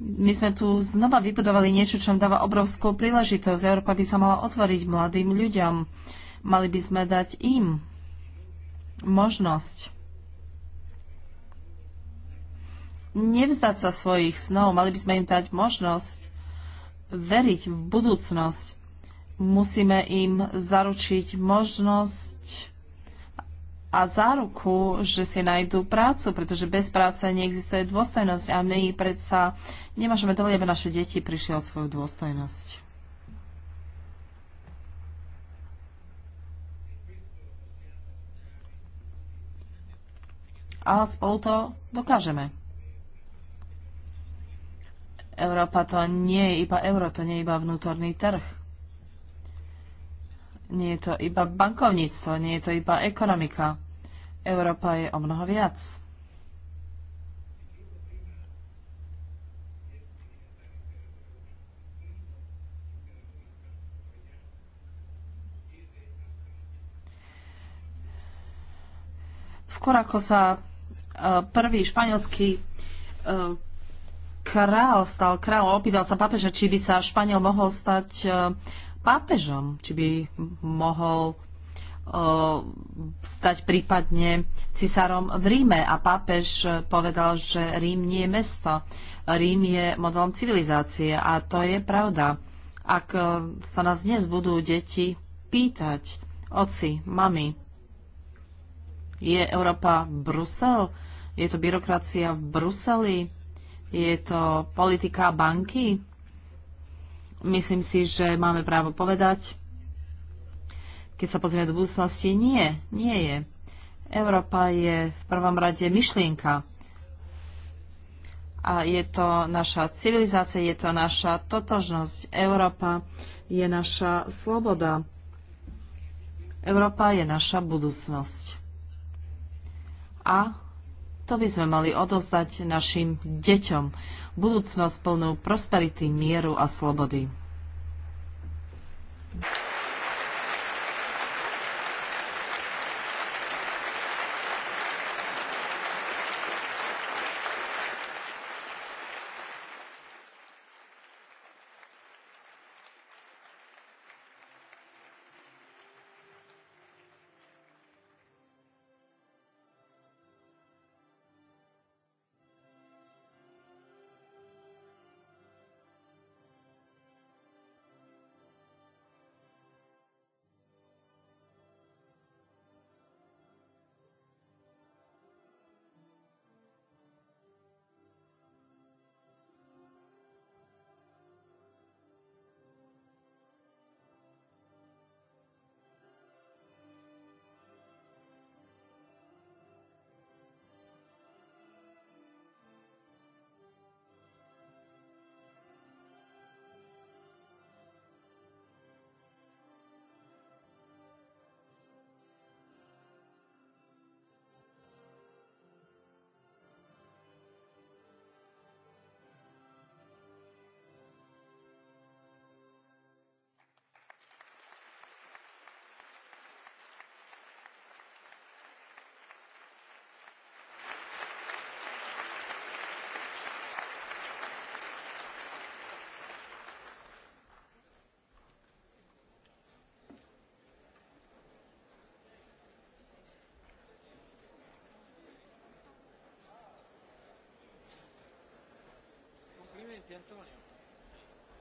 My sme tu znova vybudovali niečo, čo dáva obrovskú príležitosť. Európa by sa mala otvoriť mladým ľuďom. Mali by sme dať im možnosť nevzdať sa svojich snov, mali by sme im dať možnosť veriť v budúcnosť. Musíme im zaručiť možnosť a záruku, že si nájdú prácu, pretože bez práce neexistuje dôstojnosť a my predsa nemôžeme dovoliť, aby naše deti prišli o svoju dôstojnosť. A spolu to dokážeme. Európa to nie je iba euro, to nie je iba vnútorný trh. Nie je to iba bankovníctvo, nie je to iba ekonomika. Európa je o mnoho viac. Skôr ako sa e, prvý španielský e, král stal kráľom. Opýtal sa pápeža, či by sa Španiel mohol stať e, pápežom, či by mohol e, stať prípadne cisárom v Ríme. A pápež povedal, že Rím nie je mesto. Rím je modelom civilizácie. A to je pravda. Ak e, sa nás dnes budú deti pýtať, oci, mami, je Európa Brusel? Je to byrokracia v Bruseli? Je to politika banky? Myslím si, že máme právo povedať. Keď sa pozrieme do budúcnosti, nie, nie je. Európa je v prvom rade myšlienka. A je to naša civilizácia, je to naša totožnosť. Európa je naša sloboda. Európa je naša budúcnosť. A to by sme mali odozdať našim deťom. Budúcnosť plnú prosperity, mieru a slobody. Antonio.